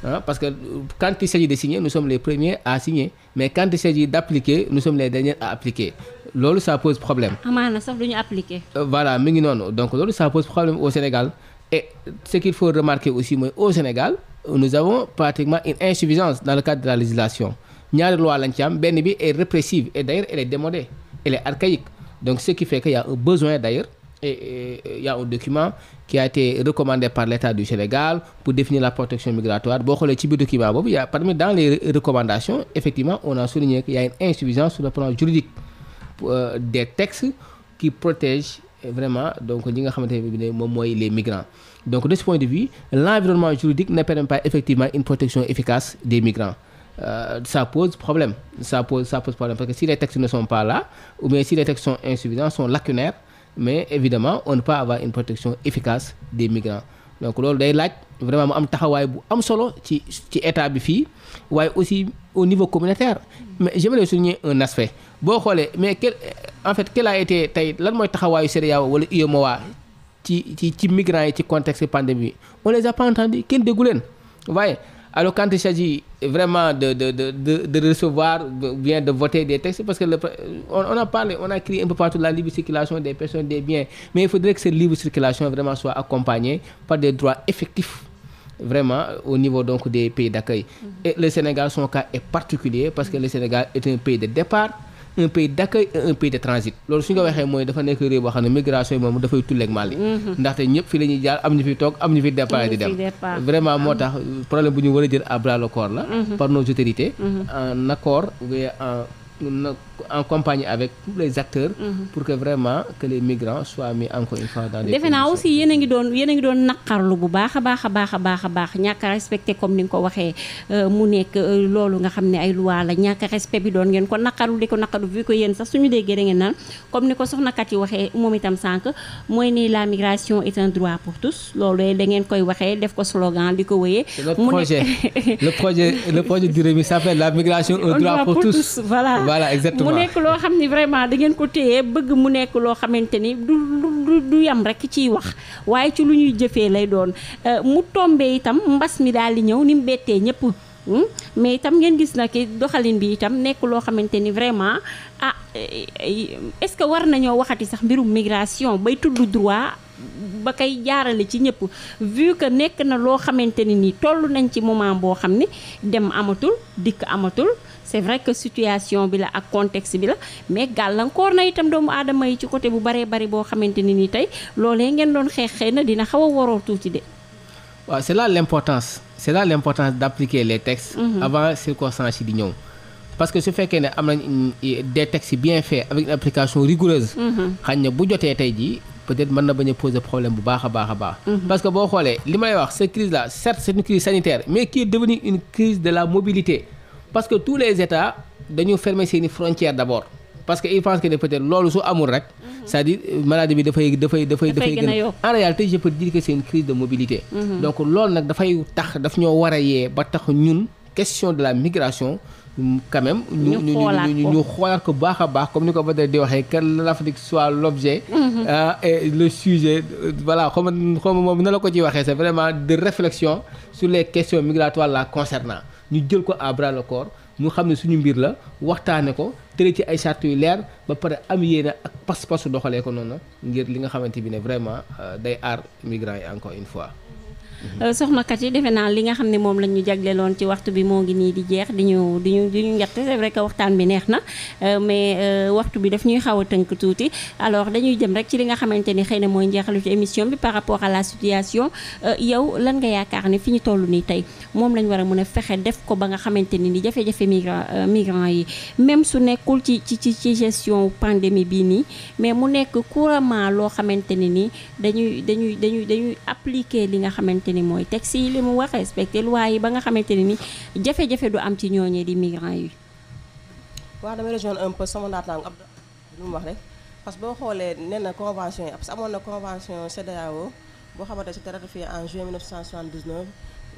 ah parce que quand il s'agit de signer nous sommes les premiers à signer mais quand il s'agit d'appliquer nous sommes les derniers à appliquer loolu ça pose problème. amaana sax du ñu appliquer. Euh, voilà mi ngi noonu donc loolu ça pose problème au Sénégal et ce qu'il faut remarquer aussi mooy au Sénégal nous avons pratiquement une insuffisance dans le cadre de la législation ñaari loi lañ ci am benn bi est répressive et d'ailleurs elle est démodée elle est archaïque donc ce et il y a un document qui a été recommandé par l'État du Sénégal pour définir la protection migratoire boo xoolee ci biir document boobu y a parmi dans les recommandations effectivement on a souligné qu'il y a une insuffisance sur le plan juridique euh, des textes qui protègent vraiment donc ñi nga xamante ne moom mooy les migrants donc de ce point de vue l'environnement juridique ne permet pas effectivement une protection efficace des migrants euh, ça pose si les textes mais évidemment on ne peut pas avoir une protection efficace des migrants donc loolu day laaj vraiment mu am taxawaay bu am solo ci ci état bi fii waaye aussi au niveau communautaire mais su souligner un aspect boo xoolee mais quel en fait quel a été tey lan mooy taxawaayu CEDEAO wala UEMOA ci ci ci migrants yi ci contexte pandémie bi on les a pas kenn déggu leen waaye Alors quand il s'agit vraiment de, de, de, bien de voter des textes, parce que le, on, on, a parlé, on a écrit un peu partout la libre circulation des personnes, des biens, mais il faudrait que cette libre circulation vraiment soit accompagnée par des droits effectifs vraiment au niveau donc des pays d'accueil. Mm -hmm. Et le Sénégal, son cas est particulier parce que le Sénégal est un pays de départ un pays d'accueil et un de transit loolu su ñu ko mm-hmm. mooy dafa nekk réew boo xam ne migration yi moom dafay tulleeg Mali mm-hmm. ndaxte ñëpp fi la jaar am ñu fi toog am ñu fi départ di dem vraiment moo tax problème bu ñu war a jël à bras le corps la mm-hmm. par nos autorités en accord en compagnie avec tous les acteurs. Mhm. pour que vraiment que yéen a ngi doon yéen a ngi doon naqarlu bu baax a baax a baax a baax a baax comme ni nga ko waxee euh, mu nekk euh, loolu nga xam ne ay loi la ñàkk respect bi doon ngeen ko naqarlu di ko naqarlu vu ko yéen sax suñu déggee da ngeen naan ni ko soxna kat yi waxee moom itam sànq mooy ni la migration est un droit pour tous loolu da ngeen koy waxee def ko slogan di ko wëyee. mu ne le projet le projet le projet du la migration un droit pour tous voilà. [laughs] voilà exactement mu nekk loo xam ni vraiment da ngeen ko téye bëgg mu nekk loo xamante ni du du du yam rek ciy wax waaye ci lu ñuy jëfee lay doon euh, mu tombee itam mbas mi daal di ñëw ni mu bettee ñëpp. Hmm? mais itam ngeen gis na ki doxalin bi itam nekk loo xamante ni vraiment ah est-ce que war nañoo waxati sax mbirum migration bay tudd droit ba kay jaarale ci ñëpp vu que nekk na loo xamante ni nii toll nañ ci moment boo xam ni dem amatul dikk amatul c'est vrai que situation bi la ak contexte bi la mais gàllankoor na itam doomu aadama yi ci côté bu baree bari boo xamante ne ni tey loolee ngeen doon xeex xëy na dina xaw a waroo tuuti de. waaw c'est là l'importance c'est là l'importance d'appliquer les textes. Mm -hmm. avant circonstances yi di ñëw. parce que su fekkee ne am nañ des textes bien faits avec une application rigoureuse. Mhm. xañ na bu jotee tey jii peut-être mën na bañ a poser problème bu baax a baax a baax. Mhm. parce que boo xoolee wax cette crise là certes la mobilité. parce que tous les états dañu fermer seeni frontières d'abord parce que il pense que ne peut-être loolu su amul rek. Mhm. cest dire maladie bi dafay dafay dafay. dafay gën a yokk en réalité je peux dire que crise de mobilité. Mhm. donc loolu nag dafay tax daf ñoo war a yee ba tax ñun question de la migration. Mm, quand même ñu ñu ñu ñu xoolaat ko baax a baax comme ni ko Badara di waxee que l'Afrique soit l'objet mhm. ah et le sujet voilà xaw ma xaw ma moom na la ko ci waxee c'est vraiment de réflexion sur les questions migratoires la concernant ñu jël ko à bras le corps ñu xam ne suñu mbir la waxtaane ko tëre ci ay charte yu leer ba pare am yéene ak pas-pasu doxalee ko noonu ngir li nga xamante bi ne vraiment euh, day aar migrants yi encore une fois Euh, soxna kat yi defe naa li nga xam ne moom la ñu jagleloon ci waxtu bi moo ngi nii di jeex di ñu di ñu di waxtaan bi neex na euh, mais euh, waxtu bi daf ñuy xaw a tënk tuuti alors dañuy jëm rek ci li nga xamante ni xëy na mooy njeexalu ci émission bi par rapport à la situation yow lan nga yaakaar ne fi ñu toll nii tey moom lañ war a mën a fexe def ko ba nga xamante ni ni jafe-jafe migrant migrant yi même su nekkul ci ci ci ci gestion pandémie bii nii mais mu nekk couramment loo xamante ni nii dañuy dañuy dañuy dañuy appliquer li nga xamante ni mooy texte yi li mu wax respecté loi yi ba nga xamante ne ni jafe-jafe du am ci ñooñee di migrants yi. waaw damay rejoindre un peu sama naataango Abdou lu mu wax rek parce que boo xoolee nee na convention yi parce que amoon na convention CEDEAO boo xamante ne c'était ratifié en juin 1979.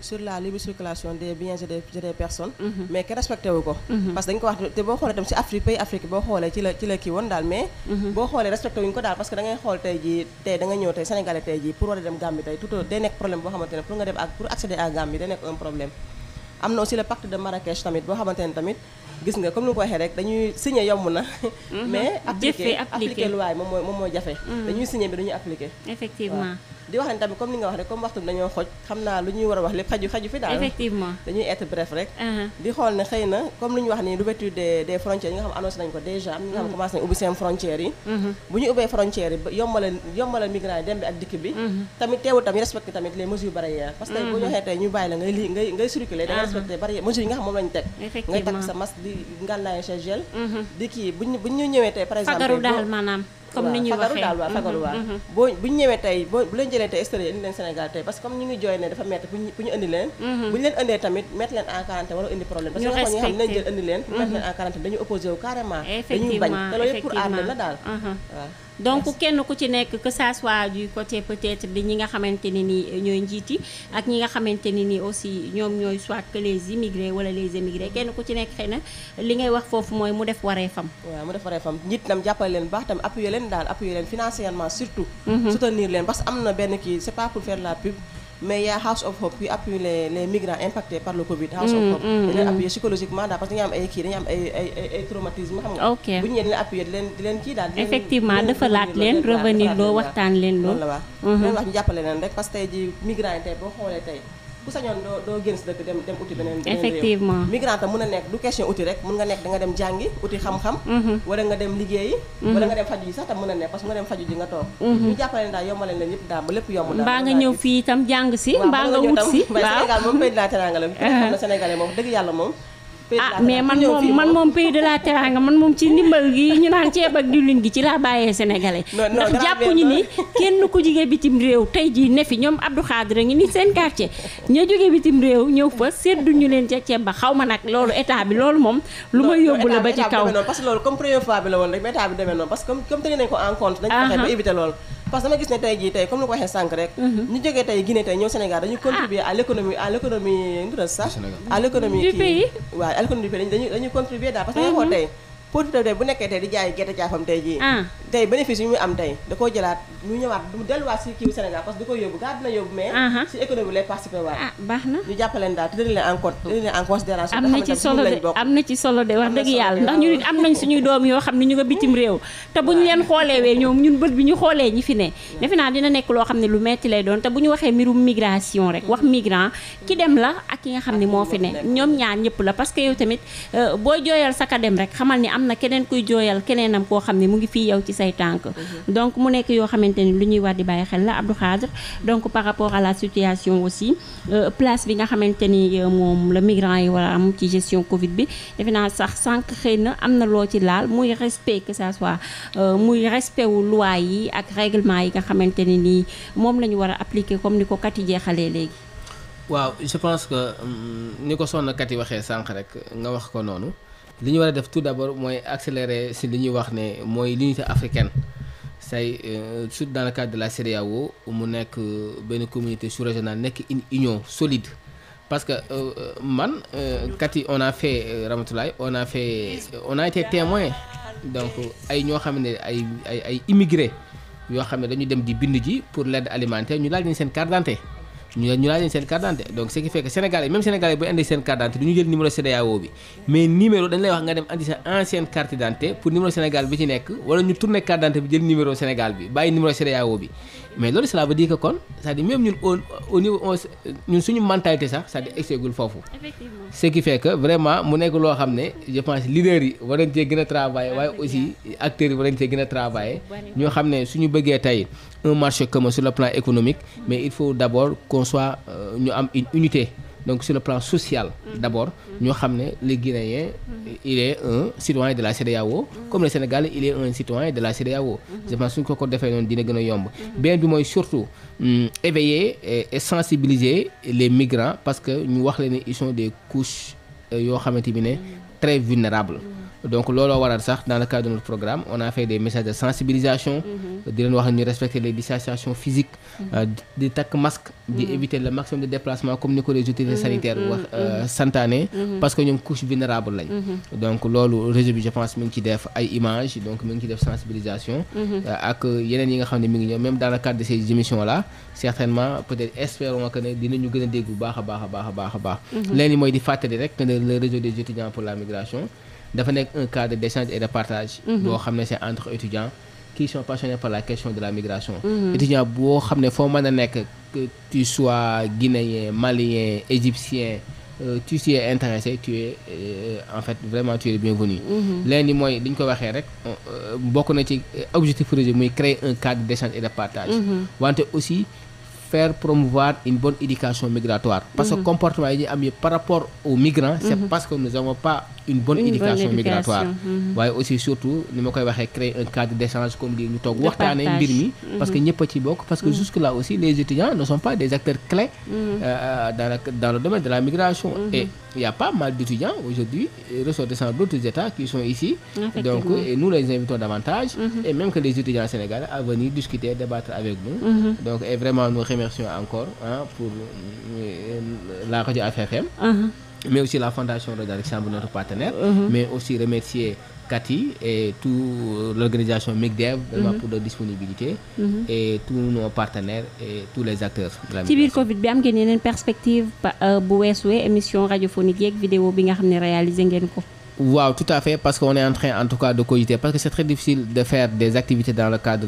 sur la libre circulation des biens et des des mhm. mais que respecté ko. Mhm. parce que dañ ko wax te boo xoolee tam si Afrique pays Afrique boo xoolee ci la ci la kii daal mais. Mhm. boo xoolee respecté ko daal parce que da xool tey jii tey da ñëw tey Sénégalais jii pour war a dem Gambie tout day nekk problème boo xamante ne pour nga dem ak pour accéder à Gambie day nekk un problème. am na aussi le pacte de Marrakech tamit boo xamante tamit gis nga comme ni ko waxee rek dañuy signé yomb na. Mhm. mais appliqué appliqué luwaay moom moom mooy jafe. Mhm. dañuy signé bi dañuy appliqué. effectivement di wax ne tamit comme li nga wax rek lu ñuy war a yi uh-huh. nga xam annoncé nañu ko déjà. am ñi nga xam mhm. commencé ubbi seen frontières yi. bu ñu ubbee frontières yi ba yombalal yombalal migrants yi dem bi ak dikk bi. tamit teewul tamit respecté tamit respecté barrière mesure nga xam moom lañ teg nga takk sa masque di ngàllaay sa gel mhm. di kii buñ ñu ñëwee tey par exemple fagaru daal comme ni ñuy waxee daal waa fagaru waa mm-hmm. Mm-hmm. boo bu ñu ñëwee tey boo bu leen jëlee tey extérieur indi leen Sénégal tey parce que comme ñu ngi jooy ne dafa metti bu ñu indi leen mm-hmm. bu ñu leen indee tamit mettre leen en quarantaine wala indi problème parce que ñi nga xam ne leen jël indi leen mettre leen en quarantaine dañu opposé wu carrément dañuy bañ te loolu yëpp pour aar leen la daal uh-huh. waaw donc kenn ku ci nekk que ça soit du côté peut-être bi ñi nga xamante ne nii ñooy njiiti ak ñi nga xamante ne nii aussi ñoom ñooy soit que les immigrés wala les émigrés kenn ku ci nekk xëy na li ngay wax foofu mooy mu def waree fam waaw mu def waree fam njiit tam jàppale leen baax tam appuyer leen leen daal appuyer leen financièrement surtout. Mhm. soutenir leen parce am na benn kii c'est pas pour faire la pub. mais y' a House of Hope qui appuie les migrants impactés par le Covid. House of mhm, Hope mhm, bu ñu leen leen di leen kii daal. effectivement defalaat leen revenir loo waxtaan leen loo. loolu wax ñu jàppale leen rek parce que tey migrants yi tey boo xoolee tey. ku sañoon doo génn si dëkk dem uti beneen effectivement migrant tam mën a nekk du question uti rek mën nga nekk da dem jàngi uti xam-xam mhm. wala nga dem liggéeyi mhm. wala nga dem faju sax tam mën a nekk parce nga dem faju ji nga toog mhm. ñu jàppale leen daal yombaleen leen yëpp daal ba lépp yomb mbaa nga ñëw fii itam jàng si mbaa nga wut si [laughs] waaw moom pays de la teranga la bi [laughs] na sénégalais moom dëgg yàlla moom ah mais man moom man moom pays de la teranga man moom ci ndimbal gi ñu naan ceeb ak diwlin gi ci laa bàyyee sénégalais ndax jàpp ñu ni [laughs] kenn ku jógee bitim réew tey jii ne fi ñoom Abdou Khadre ngi ni seen quartier ña jógee bitim réew ñëw fa seddu ñu leen ca ceeb ba xaw ma nag loolu état bi loolu moom lu ma yóbbu la ba ci kaw parce que dama gis ne tey jii tey comme ni ko waxee sànq rek mhm. ñu jógee tey Guinée tey ñëw Sénégal dañu contribuer à l'économie à l'économie ndura sax à l'économie du pays à l'économie du dañu dañu contribuer daal parce que nga mhm. xool tey producteur bu nekkee tey di jaay gerte jaafam tey jii ah. tey bénéfice yu muy am tey da koo jëlaat mu ñëwaat du uh-huh. ah, te bu ñu leen xooleewee ñoom ñun bët bi ñu xoolee ñi fi ne defe naa dina nekk loo xam ne lu metti lay doon te bu ñu waxee mbirum migration rek wax migrant ki dem la ak ki nga xam ne moo fi ne ñoom ñaar ñëpp la parce yow tamit euh, boo jooyal sa ka dem rek xamal ni am na keneen kuy jooyal keneenam koo xam ne mu ngi fii yow ci say say tànk donc mu nekk yoo xamante ni lu ñuy war di bàyyi xel la Abdou Khadre donc par rapport à la situation aussi euh, place bi nga xamante ni euh, moom la migrant yi war a am ci gestion Covid bi defe naa sax sànq na am loo ci laal muy respect que ça soit euh, muy wu loi yi ak règlement yi nga xamante ni nii moom war a comme ni ko kat yi jeexalee léegi waaw je pense que mm, ni ko sonn kat yi waxee sànq rek nga wax ko noonu li ñu war a def tout d'abord mooy accélérer si li ñuy wax ne mooy l'unité africaine say euh, surtout dans le cadre de la CEDEAO mu nekk euh, benn communauté sous-régionale nekk une union solide parce que euh, man kat yi on a fait Ramatoulaye on a fait on a été témoin donc ay ñoo xam ne ay ay ay immigré yoo xam ne dañu dem di bind ji pour l'aide alimentaire ñu laal nañ seen carte d'identité ñu ñu laaj leen seen carte d'identité donc ce qui fait que sénégalais même sénégalais bu indi seen carte d'identité du ñu bi mais numéro dañ lay wax nga dem indi sa ancienne carte d'identité pour numéro Sénégal bi ci nekk wala ñu tourné carte d'identité bi jël numéro Sénégal bi bàyyi numéro CEDEAO bi mais loolu cela veut dire kon c'est-à-dire ñun suñu mentalité sax c'est-à-dire foofu. effectivement ce qui vraiment mu nekk loo xam ne je pense leader yi war nañ cee gën a travailler waaye aussi acteurs yi xam ne suñu bëggee tey un marché commun sur le plan économique mais il faut d'abord qu'on soit euh, ñu am une unité donc sur le plan social mm-hmm. d'abord ñoo xam ne le Guinéen mm-hmm. il est un citoyen de la CEDEAO mm-hmm. comme le Sénégalais il est un citoyen de la CEDEAO je pense suñ ko ko defee noonu dina gën a yomb benn bi mooy surtout mm, éveiller et sensibiliser les migrants parce que ñu wax leen ne ils des couches euh, yoo xamante bi ne très vulnérables donc looloo waral sax dans le cadre de notre programme on a fait des messages de sensibilisation. Mhm. di leen wax ñu respecter les distanciations physiques. Mhm. Euh, di takk masque. di mhm. éviter le maximum de déplacement comme ni ko les autorités sanitaires wax euh, santaane. parce que ñoom couche vulnérable lañ. donc loolu réseau bi je pense ngi ci def ay images donc mi ngi ci def sensibilisation. Euh, ak yeneen yi nga xam ne mu ngi ñëw même dans le de ces émissions là. certainement peut-être espérons que ne dinañu gën a dégg bu baax a baax a baax a baax a baax mhm. leen mooy di fàttali rek ne le des étudiants pour la migration dafa nekk un cadre d'échange et de partage mhm. boo xam ne c'est entre étudiants qui sont passionnés par la question de la migration mhm. étudiant boo xam ne foo mën a nekk que tu sois guinéen malien égyptien Euh, tu intéressé tu euh, en fait vraiment tu es bienvenu. leen di mooy li ñu ko waxee rek euh, bokk na ci euh, objectif projet muy créer un cadre d'échange faire promouvoir une bonne éducation migratoire. parce que mhm. comportement yi ñu am yëpp par rapport aux migrants. c' mhm. parce que nous avons pas une bonne éducation migratoire mhm. waaye aussi surtout ni ma koy waxee créer un cadre d' échange comme lii ñu toog waxtaanee mbir mi parce que ñëpp a ci bokk parce que jusque là aussi les étudiants ne sont pas des acteurs clés euh, dans le domaine de la migration et il pas mal d' étudiants aujourd'hui ressortissant d' autres états qui remercions encore hein, pour euh, la radio AFFM. Uh-huh. mais aussi la fondation Radio Alexandre notre partenaire. Uh -huh. mais aussi remercier Cathy et toute l'organisation MIGDEV. vraiment uh-huh. pour leur disponibilité. Uh-huh. et tous nos partenaires et tous les acteurs. ci biir Covid bi am ngeen yeneen perspective euh, bu weesuwee émission radiophonique yeeg vidéo bi nga xam ne réalisé ngeen ko. waaw tout à fait parce que on est en en tout cas de cogiter parce que c'est très difficile de faire des activités dans le cadre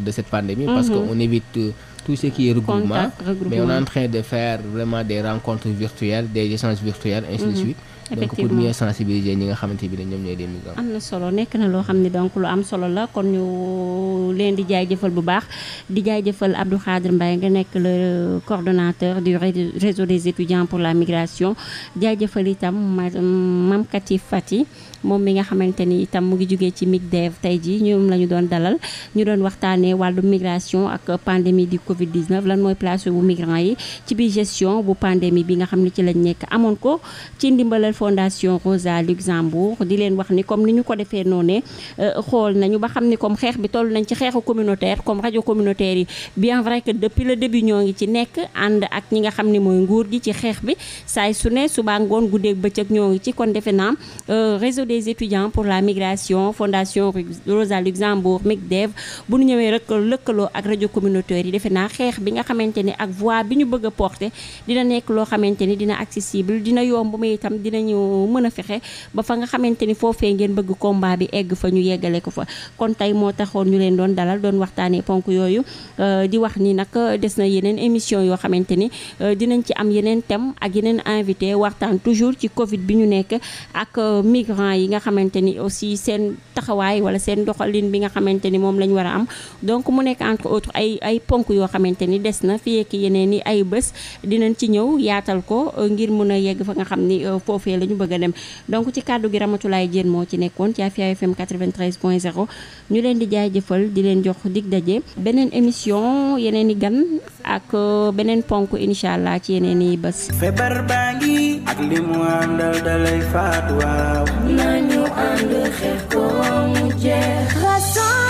tout ce qui est regroupement mais on est en train de faire vraiment des rencontres virtuelles des échanges virtuels ainsi de mm-hmm. suite effectivement donc pour mieux sensibiliser ñi nga xamante bi ne ñoom ñooy des migrants. am na solo nekk na loo xam ne donc lu am solo la kon ñu leen di jaay jëfal bu baax di jëfal Abdou Khadre mbay nga nekk le coordonnateur du réseau des étudiants pour la migration jaajëfal itam Mame Kati Fati moom mi nga xamante ni itam mu ngi jugee ci MIGDEV tey jii ñoom la ñu doon dalal ñu doon waxtaanee wàllu migration ak pandémie du Covid 19 lan mooy place bu migrants yi ci biir gestion bu pandémie bi nga xam ne ci lañ nekk amoon ko fondation Rosa Luxembourg di leen wax ni comme ni ñu ko defee noonu ne euh, xool nañu ba xam ni comme xeex bi toll nañ ci xeexu communautaire comme rajo communautaire yi bien vrai que depuis le début ñoo ngi ci nekk ànd ak ñi nga xam ni mooy nguur gi ci xeex bi saay su ne subaa ngoon guddeeg bëccëg ñoo ngi ci kon defe naa euh, réseau des étudiants pour la migration fondation Rosa Luxembourg MICDEV bu ñu ñëwee rek lëkkaloo ak rajo communautaire yi defe naa xeex bi nga xamante ni ak voix bi ñu bëgg a dinañu mën a fexe ba fa nga xamante ni foofee ngeen bëgg combat bi egg fa ñu yeggale ko fa kon tey moo taxoon ñu leen doon dalal doon waxtaanee ponk yooyu euh, di wax ni nag des na yeneen émission yoo xamante ni euh, dinañ ci am yeneen tem ak yeneen invité waxtaan toujours ci Covid bi ñu nekk ak euh, migrants yi nga xamante ni aussi seen taxawaay wala seen doxalin bi nga xamante ni moom lañ war a am donc mu nekk entre autres ay ay ponk yoo xamante ni des na fi yekk i ay bés a la ñu bëgg a dem donc ci kàddu gi Ramatulaay Jéen moo ci nekkoon ci Afia FM 93 point 0 ñu leen di jëfal di leen jox dig daje beneen émission yeneen i gan ak euh, beneen ponk incha allah ci yeneen i bés. feebar baa ngi ak li mu àndal dalay faat waaw. nañu ànd xeex ko mu jeex.